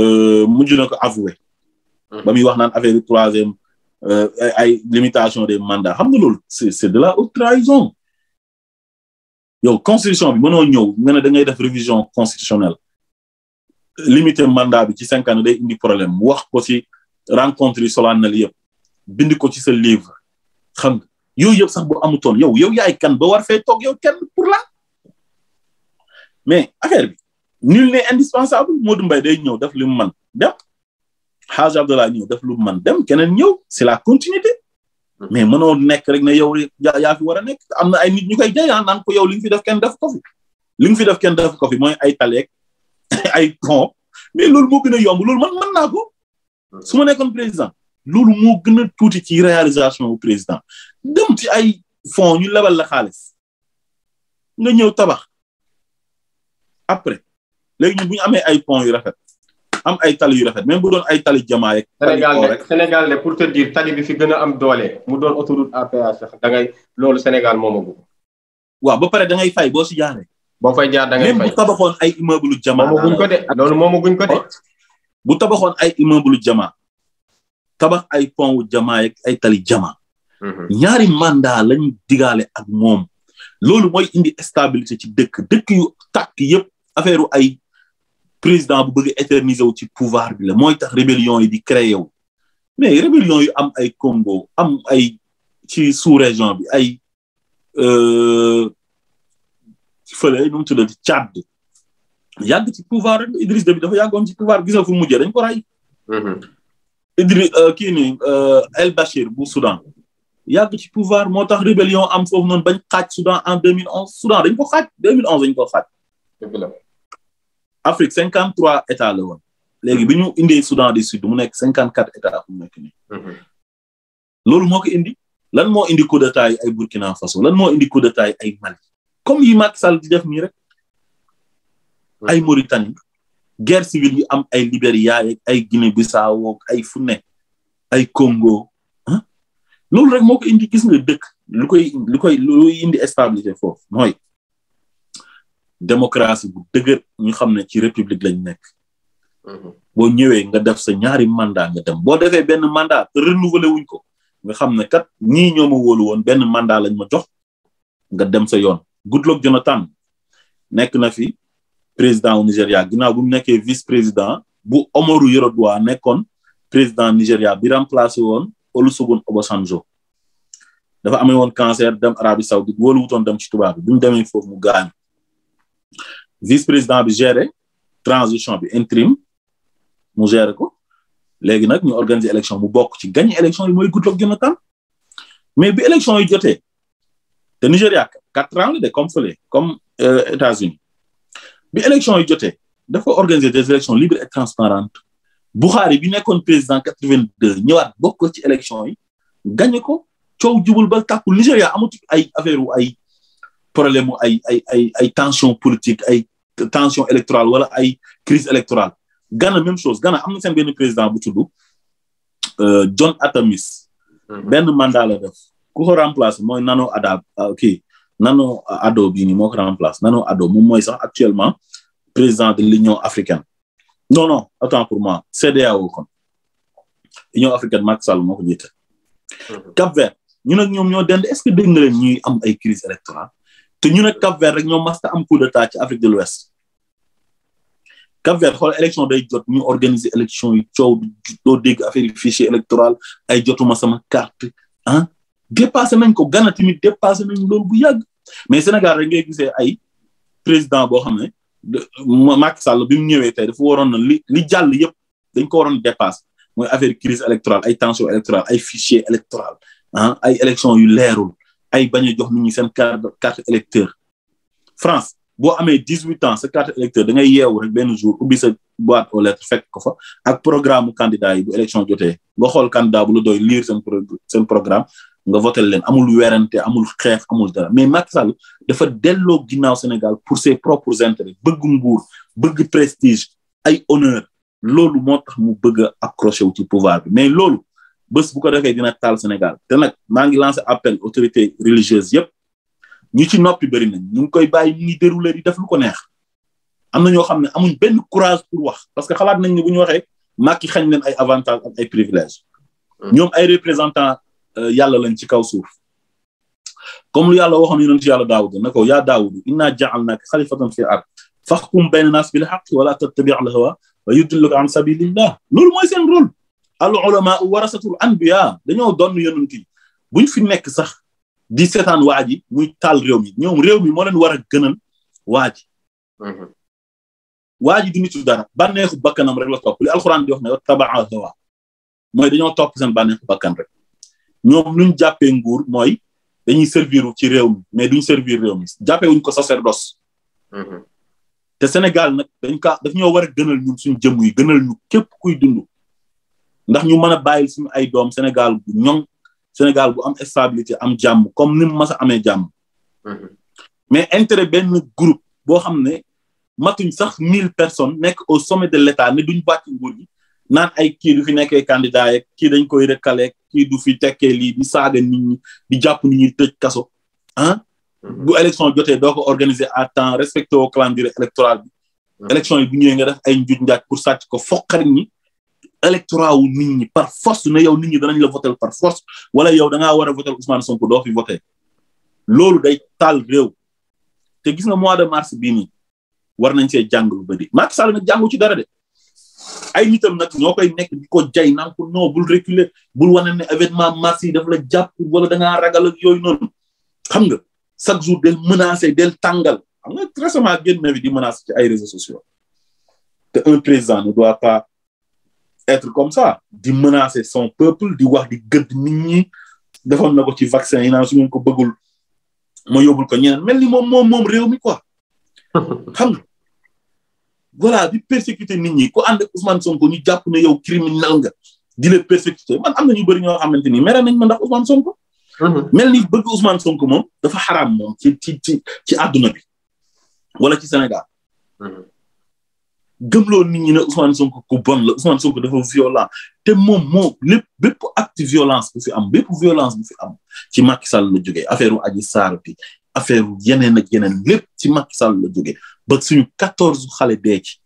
euh, mujj na ko avoué ba muy wax naan affaire troisième euh, ay limitation des mandats xam nga loolu c'est c'est de la haute trahison yow constitution bi mënoo ñëw nga ne da def révision constitutionnelle limiter mandat bi ci cinq ans day indi problème wax ko ci rencontre yi solennelle yëpp bind ko ci sa livre xam nga yooyu sax bu amutoon yow yow yaay kan ba war fee toog yow kenn pour la mais affaire bi nul n'est indispensable Modou Mbaye day ñëw def li man mën dem Hadj Abdallah ñëw def lu man dem keneen ñëw c'est la continuité Mhm. mais mënoo nekk rek ne yow yaa war a nekk am na ay nit ñu koy jaay ah, naan ko yow li fi def ken def ko fi li nga fi def kenn def ko fi mooy ay taleeg ay pont mais loolu moo gën a yomb loolu man mën naa ko mhm. su ma nekkoon président loolu moo gën a tuuti ci réalisation bu président dem ci ay fonds ñu lebal la xaalis nga ñëw tabax après léegi ñun bu ñu amee ay pont yu rafet am ay tali yu rafet même bu doon ay tali jamaa yeeg. Sénégal de Sénégal pour te dire tali bi fi gën a am doole mu doon autoroute da ngay loolu Sénégal moom a bëgg. waaw ba pare da ngay boo si jaaree. boo fay jaar da ngay fay même bu tabaxoon ay immeuble jamaa. moomaguñ ko de loolu moomaguñ ko bu tabaxoon ay immeuble jamaa tabax ay pont wu jamaa yeeg ay tali jamaa. Mhm. ñaari mandat lañ digaale ak moom. loolu mooy indi stabilité ci dëkk dëkk yu tàkk yëpp affaire ay. président bu bëgg éterniser wu ci pouvoir bi mooy tax rébellion yi di créé wu mais rébellion yu am ay Congo am ay ci sous-région bi ay ci euh, fële nu mu tuddati Tchad yàgg ci pouvoir Idriss bi dafa yàggoon ci pouvoir gis nga fu dañ ko rey. Mm-hmm. Idriss euh, kii nii euh, El Bachir bu Soudan yàgg ci pouvoir moo tax rébellion am foofu noonu bañ xaaj Soudan en 2011 Soudan dañ ko xaaj 2011 dañ ko xaaj. Afrique cinquante trois états la woon. léegi bi ñu indee Soudan du Sud mu nekk cinquante quatre états fu mu nekk nii. Mhm. loolu moo ko indi. lan moo indi coup d'état yi ay Burkina Faso lan moo indi coup d'état yi ay Mali. comme yi Macky Sall di def nii rek. Mhm. ay Mauritanie. guerre civile yi am ay Libéria yeeg ay Guinée Bissau ay fune ay Congo. loolu rek moo ko indi gis nga dëkk lu koy lu koy lu indi stabilité foofu mooy. démocratie bu dëgër ñu xam ne ci république lañ nekk. Mhm. boo ñëwee nga def sa ñaari mandat nga dem boo defee benn mandat renouvelé wuñ ko nga xam ne kat ñii ñoo ma wóolu woon benn mandat lañ ma jox nga dem sa yoon. Goodluck Jonathan nekk na fi président wu Nigéria ginnaaw bu nekkee vice président bu Umaru Yar'Adua nekkoon président Nigéria bi remplacé woon Olusegun Obasanjo. dafa amee woon cancer dem Arabie Saoudite wóolu wutoon dem ci tubaab bi bi demee foofu mu gaañu. vice président bi gérer transition bi intérim mu gérer ko léegi nag ñu organiser élection mu bokk ci gagné élection yi mooy Goodluck tam mais bi élection yi jotee te Nigéria quatre ans la de comme fële comme euh, États-Unis bi élection yi jotee dafa organiser des élections libres et transparentes Buhari bi nekkoon président 82 ñëwaat bokk ci élection yi gagné ko coow jubul ba tàkku Nigéria amatul ay affaire ay problème ay ay ay ay tension politique ay tension électorale wala ay crise électorale gana même chose Ghana am na seen benn président bu tudd euh, John Atta Mills mhm. benn mandat la mooy Nano Addo euh, kii Nano Addo bii nii moo ko remplace Nano Addo moom mooy sax actuellement président de l'Union africaine non non attends pour moi CEDEAO kon Union africaine Macky Sall moo ko jiite mhm. Cap Vert ñu nag ñoom ñoo dend est-ce que dégg nga leen ñuy am ay crise électorale te ñu nag Cap Vert rek ñoo masta am coup d'état ci Afrique de l'Ouest Cap Vert xool élection day jot ñu organiser élection yi coow doo dégg affaire yi fichier électoral ay jotuma sama carte ah dépassé nañ ko Ghana tamit dépassé nañ loolu bu yàgg mais Sénégal rek ngay gisee ay président boo xam ne Macky Sall bi mu ñëwee tey dafa waroon na li li jàll yëpp dañ ko waroon dépassé mooy affaire crise électorale ay tension électorale ay fichier électoral ah ay élection yu leerul ay bañ a jox nit ñi seen carte carte électeur France boo amee dix huit ans sa carte électeur da ngay yeewu rek benn jour ubbi sa boîte aux lettres fekk ko fa ak programme candidat yi bu élection jotee nga xool candidat bu la doy lire seen seen programme nga votel leen amul werante amul xeex amul dara mais Macky dafa delloo ginnaaw Sénégal pour ses propres intérêts bëgg nguur bëgg prestige ay honneur loolu moo tax mu bëgg a accroché wu ci pouvoir bi mais loolu bés bu ko defee dina taal Sénégal te nag maa ngi lancé appel autorité religieuse yëpp ñu ci noppi bëri nañ ñu ngi koy bàyyi ñu ngi déroulé di def lu ko neex am na ñoo xam ne amuñ benn courage pour wax parce que xalaat nañ ne bu ñu waxee Macky xañ leen ay avantage ay privilèges hmm. ñoom ay représentant euh, yàlla lañ ci kaw suuf comme lu yàlla waxoon yonent yàlla daawuda na ko yaa daawudu inna ja'alnaaka xalifatan fil ard faxkum bayna naas bil xaq wala tattabi' al hawa wa yudilluka an sabilillah loolu mooy al ulama warasatul anbiya dañoo doon yonent buñ fi nekk sax di seetaan waa ji muy taal réew mi ñoom réew mi moo leen war a gënal waa ji mhm. waa ji du nitu dara bànneexu bakkanam rek la topp li alxuraan di na ne wa tabaa mooy dañoo topp seen bànneexu bakkan rek ñoom luñ jàppee nguur mooy dañuy servir ci réew mi mais duñ servir réew mi jàppee wuñ ko sacerdoce mhm. te Sénégal nag dañ ka daf ñoo war a gënal ñun suñ jëmm yi gënal ñu képp kuy dund ndax ñu mën a bàyyil suñu ay doom Sénégal bu ñoŋ Sénégal bu am stabilité am jàmm comme ni mu mas amee jàmm. Mhm. mais intérêt benn groupe boo xam ne matuñ sax mille personnes nekk au sommet de l'État ne duñ bàcc nguur gi naan ay kii du fi nekkee candidat yeeg kii dañ koy recalé kii du fi tekkee lii di saaga nit ñi jàpp nit ñi tëj kaso ah. bu élection jotee doo ko organiser à temps respecté au calendrier électoral bi. Mhm. élection yi bu ñëwee nga def ay njuj njaaj pour sàcc ko foqarit ñi électorat wu nit ñi par force ne yow nit ñi danañ la voter par force wala yow da ngaa war a voter Ousmane Sonko doo fi voter loolu day taal réew te gis nga mois de mars bi nii war nañ see jàng ba bëri Macky Sall nag ci dara de ay nitam nag ñoo koy nekk di ko jay naan ko non bul reculer bul wane ne événement mars yi daf la jàpp wala da ngaa ragal ak yooyu noonu xam nga chaque jour del menacer del tàngal xam nga récemment génn na fi di menacer ci ay réseaux sociaux te un président ne doit pas être comme ça di menacer son peuple di wax di gëdd nit ñi defoon na ko ci vaccin yi naan su ko bëggul ma yóbbul ko ñeneen mel ni moom moom moom réew mi quoi xam nga voilà di persécuter nit ñi ku ànd ak Ousmane Sonko ñu jàpp ne yow criminel nga di le persécuter man am na ñu bëri ñoo xamante ni mere nañ ma ndax Ousmane Sonko. Mhm. mel ni bëgg Ousmane Sonko moom dafa xaraam moom ci ci ci ci àdduna bi wala ci Sénégal. Mhm. gëmloo nit ñi ne Ousmane Sonko ku bon la Ousmane Sonko dafa violent te moom moo lépp bépp acte violence bu fi am bépp violence bu fi am ci Macky sal la jógee affaire Adji Sarr bi affaire yeneen ak yeneen lépp ci Macky Sall la jógee ba suñu quatorze xale dee ci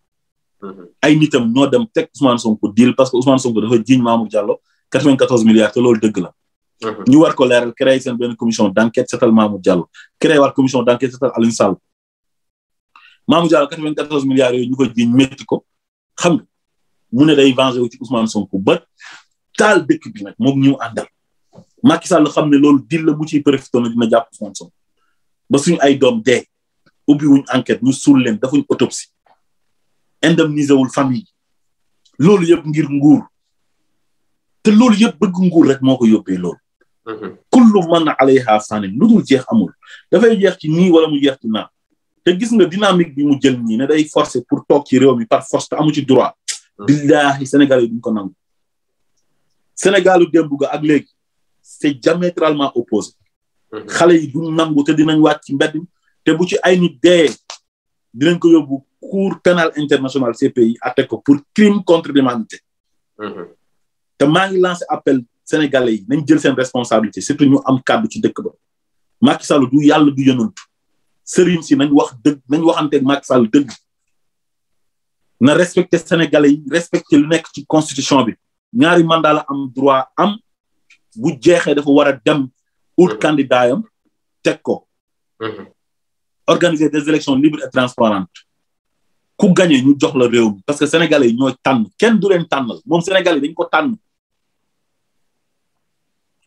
mm-hmm. ay nitam ñoo dem teg Ousmane Sonko deal parce que Ousmane Sonko dafa jiiñ Mamour Diallo quatre-vingt-quatorze milliards te loolu dëgg la mm-hmm. ñu war ko leeral créer seen benn commission d'enquête setal Mamour Diallo créer Mamour Diallo 94 milliards yooyu ñu ko jiñ métti ko xam nga mu ne day venger wu ci Ousmane Sonko ba taal dëkk bi nag moom ñu àndal Macky Sall xam ne loolu dil la ci ciy profité na dina jàpp Ousmane Sonko ba suñu ay doom dee ubbi wuñ enquête ñu suul leen dafuñ autopsie indemniser wul famille loolu yëpp ngir nguur te loolu yëpp bëgg nguur rek moo ko yóbbee loolu. Mhm. kullu man alayha fanin lu dul jeex amul dafay jeex ci nii wala mu jeex ci naa. te gis nga dynamique bi mu jël nii ne day forcer pour toog ci réew mi par force te amu ci droit. Mm. billaahi Sénégal yi duñ ko nangu. Sénégalu démb ga ak léegi c'est diamétralement opposé. Mm-hmm. xale yi duñ nangu te dinañ wàcc ci mbedd te bu ci ay nit dee dinañ ko yóbbu cour pénal international CPI àtte ko pour crime contre l'humanité. Mm-hmm. te maa ngi lancé appel sénégalais yi nañ jël seen responsabilité surtout ñu am kàddu ci dëkk ba Macky Sall du yàlla du yonantu. sëriñ si nañ wax dëgg nañ waxanteeg Macky Sall dëgg na respecté Sénégalais yi respecté lu nekk ci constitution bi ñaari mandat la am droit am bu jeexee dafa war a dem ut mm-hmm. candidat teg ko mm-hmm. organiser des élections libres et transparentes ku gagné ñu jox la réew mi parce que sénégalais yi ñooy tànn kenn du leen tànnal moom sénégalais dañ ko tànn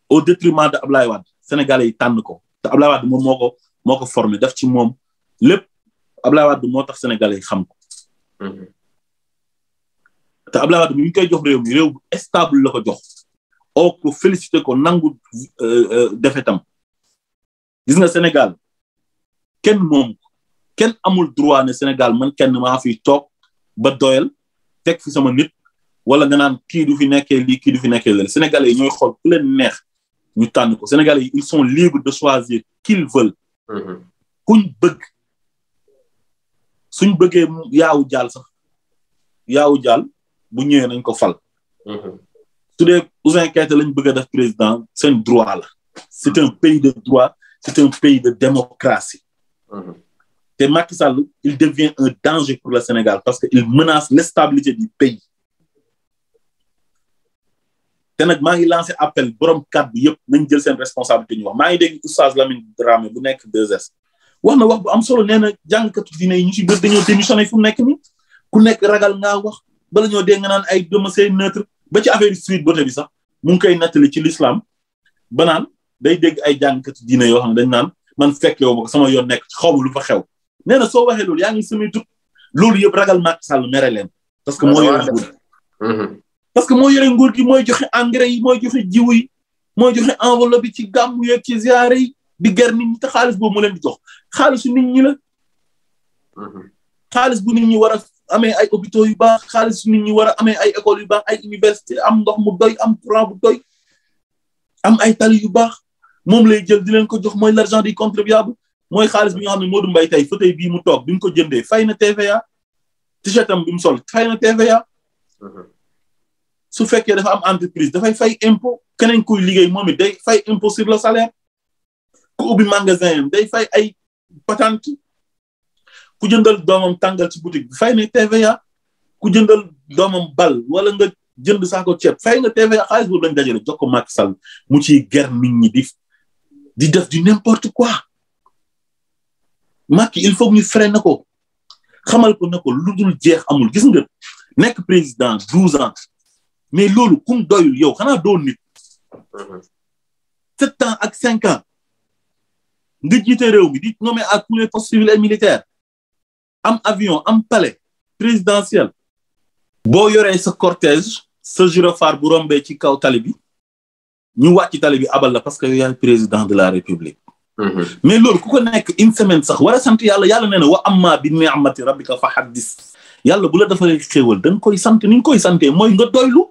au détriment de Ablaye Wade sénégalais yi tànn ko te Ablaye Wade moom moo ko moo ko formé def ci moom lépp Abdoulaye bi moo tax sénégalais xam ko. te Abdoulaye Wade mi ñu koy jox réew mi réew bu stable la ko jox. oo ko félicité ko nangu euh, euh, defetam gis nga Sénégal kenn moom kenn amul droit ne Sénégal man kenn maa fi toog ba doyal teg fi sama nit wala nga naan kii du fi nekkee lii kii du fi nekkee lële Sénégalais yi ñooy xool ku leen neex ñu tànn ko Sénégalais yi ils sont libres de choisir qu'ils veulent Mm-hmm. kuñ bëg suñ bëggee yaawu jaal sax yaawu jaal bu ñëwee nañ ko fal. Mm-hmm. su dee Ouzin lañ bëgg a def président seen droit la. c'est un pays de droit c'est un pays de démocratie. Mm-hmm. te Macky Sall il devient un danger pour le Sénégal parce que il menace l' stabilité du pays. te nag maa ngi lancé appel borom kàddu yëpp nañ jël seen responsabilité ñu wax maa ngi dégg oustaz Lamine Dramé bu nekk 2S wax na wax bu am solo nee na jàngkatu diine yi ñu si bëri dañoo démissionné fu mu nekk nii ku nekk ragal ngaa wax bala ñoo dégg nga naan ay dema see neutre ba ci affaire suite bote bi sax mu ngi koy nettali ci l'islam ba naan day dégg ay jàngkatu diine yoo xam ne dañ naan man fekke wu sama yoon nekk ci xaw ma lu fa xew nee soo waxee loolu yaa ngi semi loolu yëpp ragal Macky Sall mere leen parce que moo yoon parce que mooy yore nguur gi mooy joxe engrais yi mooy joxe jiwu yi mooy joxe enveloppe yi ci gàmmu yeeg ci ziare yi di ger ni ñi te xaalis boobu mu leen di jox xaalisu nit ñi la. Mhm. xaalis bu nit ñi war a amee ay hôpitaux yu baax xaalis bu nit ñi war a amee ay écoles yu baax ay université am ndox mu doy am courant bu doy am ay tali yu baax moom lay jël di leen ko jox mooy l'argent du contribuable mooy xaalis bi nga xam ne moo Modou mbay tey fauteuil bi mu toog bi mu ko jëndee fay na TVA t-shirt am bi mu sol fay na TVA. Mhm. su fekkee dafa am entreprise dafay fay impôt keneen kuy liggéey moom it day fay impôt sur le salaire ku ubbi magasin yam day fay ay patente ku jëndal doomam tàngal ci boutique bi ni ne TVA ku jëndal doomam bal wala nga jënd saako ceeb fay nga TVA xaalis boobu lañ dajale jox ko Macky Sall mu ci ger nit ñi di di def du n'importe quoi Macky il faut ñu freiné ko xamal ko ne ko lu dul jeex amul gis nga nekk président douze ans mais loolu kum doyul yow xanaa doo nit. Mhm. sept ans ak cinq ans nga jiite réew mi di nommé à tous les postes civils et militaires am avion am palais présidentiel. boo yoree sa cortège sa gyrophare bu rombee ci kaw tali bi ñu wàcc tali bi abal la parce que yow yaay président de la république. Mhm. mais loolu ku ko nekk une semaine sax war a sant yàlla yàlla nee na wa amma bi ni'mati rabbika fa haddis yàlla bu la defalee xéewal da koy sant ni nga koy santee mooy nga doylu.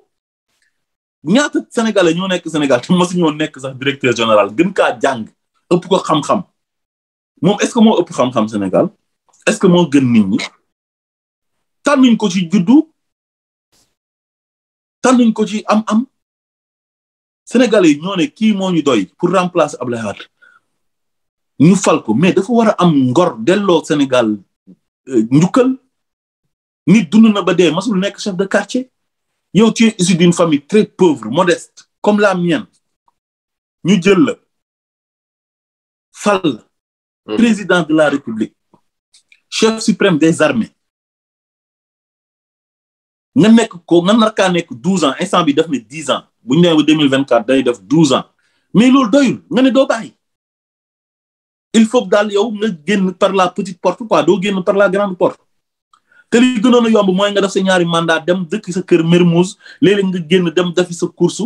ñaata sénégalais ñoo nekk Sénégal te mosu ñoo nekk sax directeur général gën kaa jàng ëpp ko xam-xam moom est-ce que moo ëpp xam-xam Sénégal est-ce que moo gën nit ñi tànnuñ ko ci juddu tànnuñ ko ci am-am sénégalais yi ñoo ne kii moo ñu doy pour remplacer Abdoulaye Wade ñu fal ko mais dafa war a am ngor delloo Sénégal euh, njukkal nit dund na ba dee masul nekk chef de quartier. yow ci es issu d'une famille très pauvre modeste comme la mienne ñu jël la fal la mhm. président de la république chef suprême des armées nga nekk ko nga narkaa nekk douze ans instant bi def ne dix ans bu ñu nee ba deux mille vingt quatre day def douze ans mais loolu doyul nga il faut daal yow nga génn par la petite porte quoi doo génn par la grande porte te li gënoon a yomb mooy nga def sa ñaari mandat dem dëkk sa kër Mermoz léeg-léeg nga génn dem defi sa course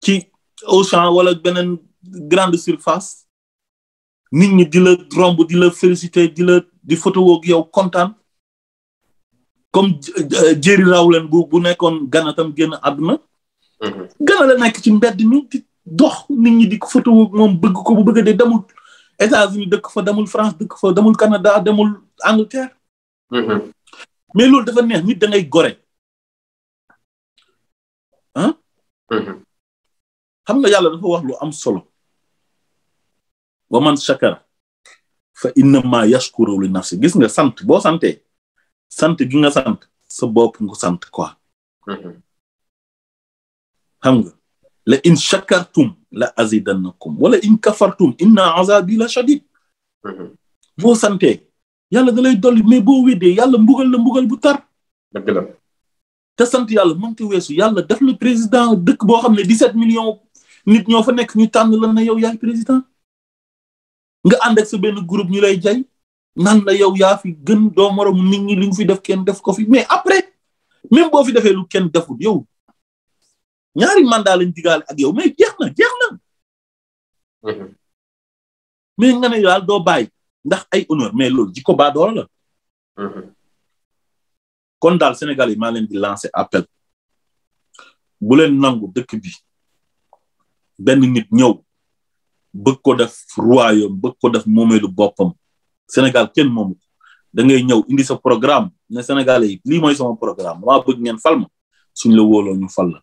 ci Auchan wala beneen grande surface nit ñi di la romb di la félicité di la di photo ak yow kontaan comme Jerry Rawlen bu bu nekkoon Gana tam génn àdduna mm-hmm. Gana la nekk ci mbedd mi di dox nit ñi di ko photo ak moom bëgg ko bu bëgg dee demul États-Unis dëkk fa damul France dëkk fa demul Canada demul Angleterre mm-hmm. mais loolu dafa neex nit da ngay gore ah. xam nga yàlla dafa wax lu am solo. wa man shakara fa innama yashkuru li nafsi gis nga sant boo santee sant gi nga sant sa bopp nga sant quoi. Mm-hmm. xam nga la in shakartum la azidannakum wala in kafartum inna azabi la shadid mm-hmm. boo santee yàlla da lay dolli mais boo weddee yàlla mbugal la mbugal bu tar. dëgg la. te sant yàlla mënti weesu yàlla def la président dëkk boo xam ne 17 million nit ñoo fa nekk ñu tànn la na yow yaa président. nga ànd ak sa benn groupe ñu lay jay nan la yow yaa fi gën doo moromu nit ñi li nga fi def kenn def ko fi mais après même boo fi defee lu kenn deful yow ñaari mandat lañ digaale ak yow mais jeex na jeex na. Mm-hmm. mais nga ne daal doo bàyyi. ndax ay honneur mais loolu jikko baa doole la. Mhm. kon daal Sénégal yi leen di lancer appel bu nangu dëkk bi benn nit ñëw bëgg ko def royaume bëgg ko def moomeelu boppam Sénégal kenn moomu da ngay ñëw indi sa programme ne Sénégalais yi lii mooy sama programme maa bëgg ngeen fal suñ la wóoloo ñu fal la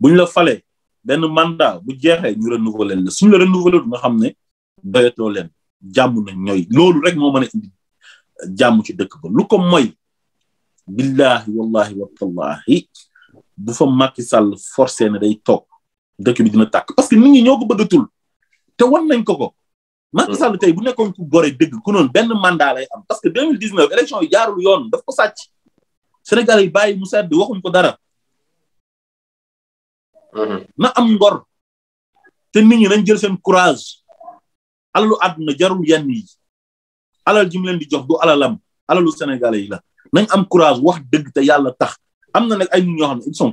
buñ la falee benn mandat bu jeexee ñu renouveler la suñ la renouveler nga xam ne doyatoo leen. jàmm nañ ñooy loolu rek moo mën a indi ci dëkk ba lu ko mooy billahi wallahi watallahi bu fa Macky Sall forcé ne day toog dëkk bi dina tàkk parce que nit ñi ñoo ko bëggatul te wan nañ ko ko Macky Sall tey bu nekkoon ku gore dëgg ku noon benn mandaalay lay am parce que 2019 élection yi jaarul yoon daf ko sàcc senegal yi bàyyi mu sedd waxuñ ko dara mm-hmm. na am ngor te nit ñi nañ jël seen courage alalu àdduna jarul yenn yi alal ji leen di jox du alalam alalu sénégalais yi la nañ am courage wax dëgg te yàlla tax am na nag ay nit ñoo xam ne ils sont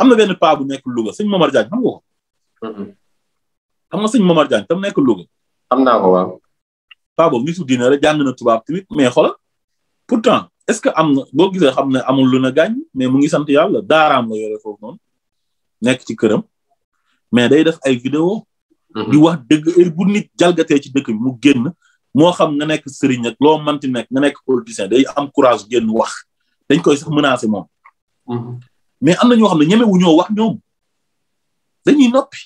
am na benn paa bu nekk Louga sëñ Momar Diagne xam mm-hmm. sëñ Momar Diagne tam nekk Louga. am naa ko waaw. paa boobu nitu diine rek jàng na tubaab tamit mais xoolal pourtant est-ce que am na boo gisee xam ne amul lu na gaañ mais mu ngi sant yàlla daaraam la yore foofu noonu nekk ci këram mais day def ay vidéo Mhm. di wax dëgg bu nit jalgatee ci dëkk bi mu génn moo xam nga nekk sëriñ ak loo manti nekk nga nekk politicien day am courage génn wax dañ koy sax menacé moom mhm. mais am na ñoo xam ne ñemewu ñoo wax ñoom dañuy noppi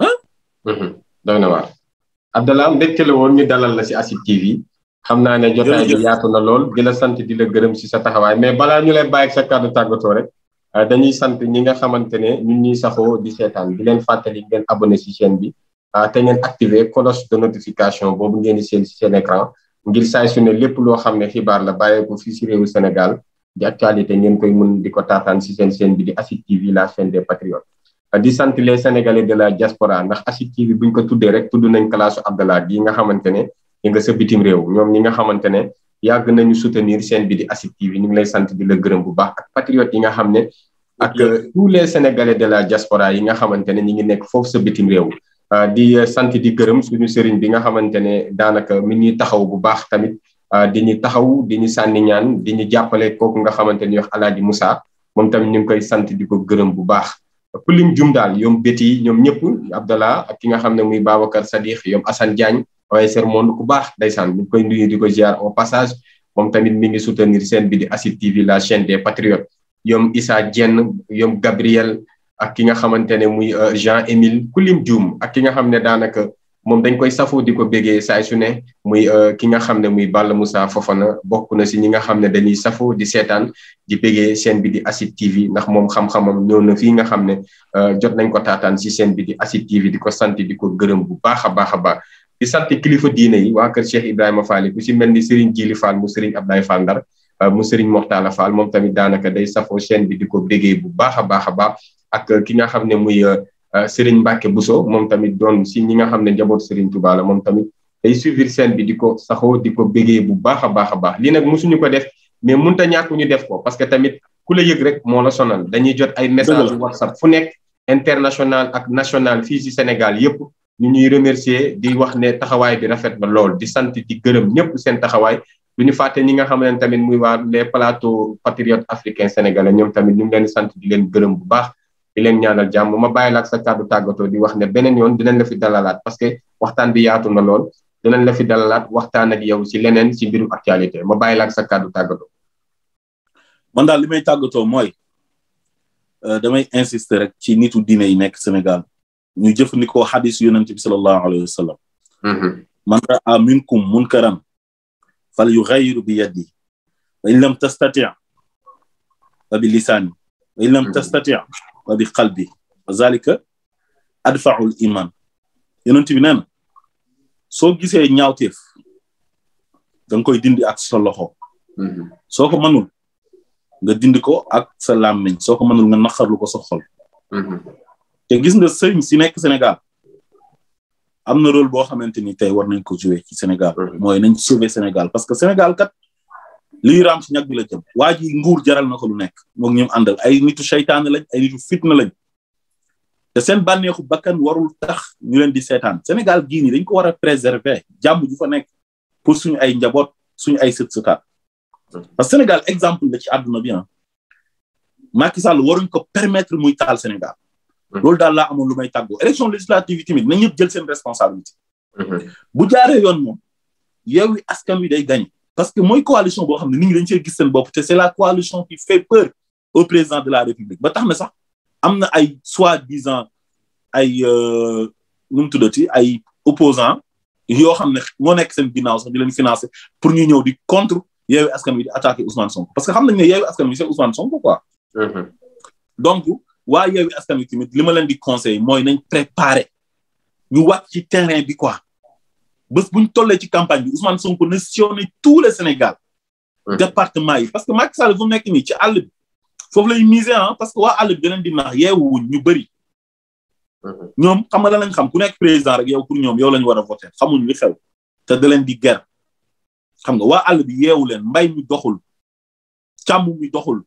ah doy na waar Abdallah mbégte la woon ñu dalal la si ASID TV xam naa ne jotaay bi yaatu na lool di la sant di la gërëm si sa taxawaay mais balaa ñu lay bàyyi sa kàddu tàggatoo rek Euh, dañuy sant ñi nga xamante ne ñun ñuy saxoo di seetaan di leen fàttali ngeen abonné si chaîne bi euh, te ngeen activé cloche de notification boobu ngeen di seen si seen écran ngir saay su ne lépp loo xam ne xibaar la bàyyeeko fii si réewu Sénégal di actualité ngeen koy mun di ko taataan si seen seen bi di ASID TV la chaîne des patriotes euh, di sant les sénégalais de la diaspora ndax ASID TV buñ ko tuddee rek tudd nañ kalaasu Abdallah yi nga xamante ne ñi nga sa réew ñoom ñi nga xamante ne yàgg nañu soutenir seen bi di ASID TV ñu ngi lay sant di la gërëm bu baax ak patriotes yi nga xam ne ak tous les sénégalais de la diaspora yi nga xamante ne ñi ngi nekk foofu sa bitim réew ah, di sant di gërëm suñu sëriñ bi nga xamante ne daanaka mi ñuy taxaw bu baax tamit ah, di ñu taxaw di ñu sànni ñaan di ñu jàppale kooku nga xamante ni wax alaaji Moussa moom tamit ñu ngi koy sant di ko gërëm bu baax ku lim jum daal ñoom béti ñoom ñëpp Abdallah ak ki nga xam ne muy Babacar Sadikh ñoom Assane Diagne OSR Monde ku baax ndeysaan ñu koy nuyu di ko ziar au passage moom tamit mi ngi soutenir seen bi di ASID TV la chaîne des patriotes yom Issa Dieng yom Gabriel ak ki nga xamante ne muy euh, Jean Émile Koulim Dioum ak ki nga xam ne daanaka moom dañ koy safoo di ko bégee saay su ne muy euh, ki nga xam ne muy ball Balla Moussa Fofana bokk na si ñi nga xam ne dañuy safoo di seetaan di bégee seen bi di ASID TV ndax moom xam-xamam ñëw na fii nga xam ne euh, jot nañ ko taataan si seen bi di ASID TV ko sant di ko gërëm bu baax a baax a baax di sant kilifa diine yi waa kër Cheikh Ibrahima Fall ku ci mel ni Serigne Djili Fall mu Serigne Abdoulaye Fall Ndar euh, mu Serigne Moxtaala Fall moom tamit daanaka day safoo chaîne bi di ko déggee bu baax a baax a baax ak ki nga xam ne muy euh, euh, Serigne Mbacke Bousso moom tamit doon si ñi nga xam ne njaboot Serigne Touba la moom tamit day suivre seen bi di ko saxoo di ko bégee bu baax a baax a baax lii nag musuñu ko def mais mënta ñàkk ñu def ko parce que tamit ku la yëg rek moo la sonal dañuy jot ay message WhatsApp fu nekk international ak national fii si Sénégal yëpp ñu ñuy remercier di wax ne taxawaay bi rafet na lool di sant di gërëm ñëpp seen taxawaay lu ñu fàtte ñi nga xam ne tamit muy waa les plateaux patriotes africains sénégalais ñoom tamit ñu ngi leen sant di leen gërëm bu baax di leen ñaanal jàmm ma bàyyi la ak sa kàddu tàggatoo di wax ne beneen yoon di dinañ la fi dalalaat parce que waxtaan bi yaatu na lool dinañ la fi dalalaat waxtaan ak yow ci leneen ci mbirum actualité ma bàyyi la sa kàddu tàggatoo. man daal li may tàggatoo mooy euh, damay insister rek ci nitu diine yi nekk Sénégal. ñu jëfandikoo xadis yonent bi sallallahu alayhi wa sallam mm-hmm. man raa minkum munkaran fal yuxayiru bi yadi wa in lam tastati fa bi lisaani wa in lam mm-hmm. tastati fa bi qalbi wa zalika adfaul iman na soo gisee ñaawteef da nga koy dindi ak sa loxo mm-hmm. soo ko mënul nga dindi ko ak sa làmmiñ soo ko mënul nga ko sa te gis nga sëriñ si nekk Sénégal am na rôle boo xamante ni tey war nañ ko jouer ci Sénégal mhm. mooy nañ sauver Sénégal parce que Sénégal kat liy raam ci ñag bi la jëm waa ji nguur jaral na ko lu nekk moom ñoom àndal ay nitu seytaane lañ ay nitu fitna lañ te seen bànneexu bakkan warul tax ñu leen di seetaan Sénégal gii dañ ko war a préserver jàmm ju fa nekk pour suñu ay njaboot suñu ay sët sëtaat parce que Sénégal exemple la ci àdduna bi ah Macky Sall waruñ ko permettre muy taal Sénégal Mhm. loolu daal laa amoon lu may tàggoo élection législative yi tamit na ñëpp jël seen responsabilité. Mhm. bu jaaree yoon moom Yewwi Askan Wi day gagné. parce que mooy coalition boo xam ne nit ñi dañ cee gis seen bopp te c'est la coalition qui fait peur au président de la République ba tax na sax am na ay soi-disant ay euh, nu mu tuddati ay opposants yoo xam ne moo nekk seen ginnaaw sax di leen financer pour ñu ñëw di contre Yewwi Askan Wi di attaquer Ousmane parce que xam nañ ne Yewwi Askan Wi c'est Ousmane waa Yewwi Askan Wi tamit li ma leen di conseil mooy nañ préparer ñu wàcc ci terrain bi quoi bés buñ tollee ci campagne bi Ousmane Sonko na sillonné tout le Sénégal hmm. département yi parce que Macky Sall fu nekk nii ci àll bi foofu lay miser ah parce que waa àll bi daneen di naax yeewuwuñ ñu bëri hmm. ñoom xam nga xam ku nekk président rek yow pour ñoom yow lañu war a voter xamuñ li xew te da leen di ger xam nga waa àll bi yeewu leen mbay mi doxul càmm doxul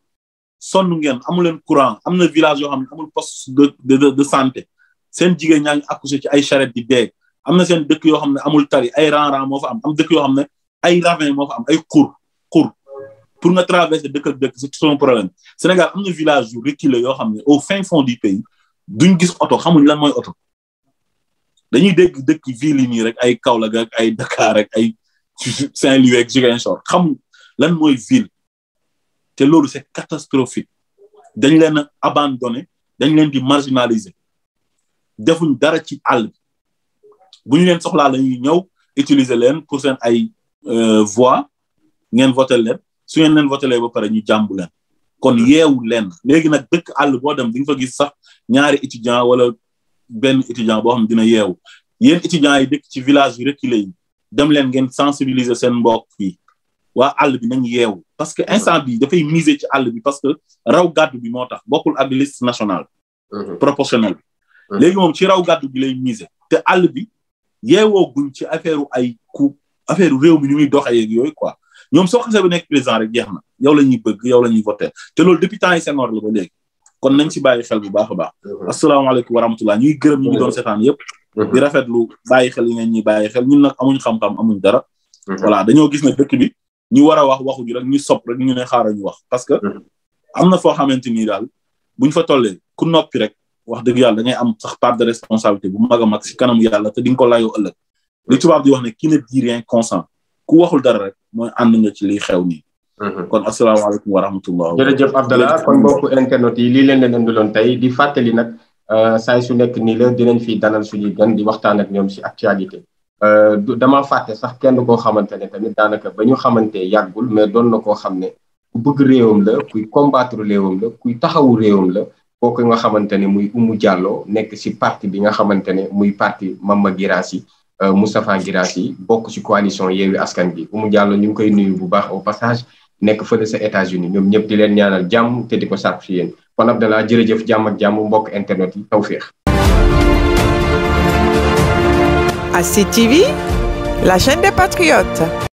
sonn ngeen amuleen courant am na village yoo xam ne amul poste de de santé seen jigéen ñaa ngi accouché ci ay charrette di dee am na seen dëkk yoo xam ne amul tali ay ran-ran moo fa am am dëkk yoo xam ne ay ravin moo fa am ay cour cour pour nga traverser dëkk ak dëkk son problème Sénégal am na village yu reculé yo xam ne au fin fond du pays duñ gis oto xamuñ lan mooy oto dañuy dégg dëkk ville yi nii rek ay Kaolack ay Dakar ak ay Saint-Louis ak Ziguinchor xam lan mooy ville te loolu c'est catastrophique dañ leen a abandonné dañ leen di marginaliser defuñ dara ci àll bi bu ñu leen soxlaa lañu ñëw utiliser leen pour seen ay euh, voix ngeen voté leen su ngeen leen voté ba pare ñu jàmbu leen kon yeewu leen léegi nag dëkk àll boo dem di nga fa gis sax ñaari étudiant wala benn étudiant boo xam dina yeewu yéen étudiants yi dëkk ci village yi reculé yi dem leen ngeen sensibiliser seen mbok yi waa àll bi nañ yeewu parce que instant bi dafay miser ci àll bi parce que raw gàdd bi moo tax bokkul ak liste nationale mhm. proportionnelle bi mhm. léegi moom ci raw gàddu bi lay miser te àll bi yeewoo guñ ci affaire ay ku affaire réew mi ni muy doxee yooyu quoi ñoom soo xasee ba nekk président rek jeex na yow la ñuy bëgg yow la ñuy voté te loolu depuis temps yi Senghor la ba léegi kon nañ ci bàyyi xel bu baax a baax mhm. asalaamaaleykum wa rahmatullah ñuy gërëm ñu ngi doon setaan yëpp di rafetlu bàyyi xel yi ngeen ñuy bàyyi xel ñun nag amuñ xam-xam dara voilà dañoo gis ne dëkk bi ñu war a wax waxuñu rek ñu sop rek ñu ne xaaral ñu wax parce que mm. am na foo xamante ni daal buñ fa tollee ku noppi rek wax dëgg yàlla da am sax part de responsabilité bu mag a mag si kanamu yàlla te di nga ko layoo ëllëg li tubaab di wax ne ki ne dit rien consent ku waxul dara rek mooy ànd nga ci liy xew nii mm-hmm. kon asalaamaaleykum wa rahmatullah jërëjëf Abdallah kon mbokku internet yi lii leen leen andiloon tey di fàttali nag euh, saay su nekk nii la dinañ fi dalal suñuy gan di waxtaan ak ñoom si actualité Euh, dama fàtte sax kenn koo xamante ne tamit daanaka ba ñu xamante yàggul mais doon na koo xam ne ku bëgg réewam la kuy combattre réewam la kuy taxawu réewam la kooku nga xamante ne muy Oumou Diallo nekk si parti bi nga xamante ne muy parti Mama Guirassy euh, Moustapha Guirassy bokk ci coalition Yewwi Askan Wi Oumou Diallo ñu ngi koy nuyu bu baax au passage nekk fële sa États-Unis ñoom ñëpp di leen ñaanal jàmm te di ko sàkku ci yéen kon Abdallah jërëjëf jàmm ak jàmm mbokk internet yi tawféex à CTV, la chaîne des patriotes.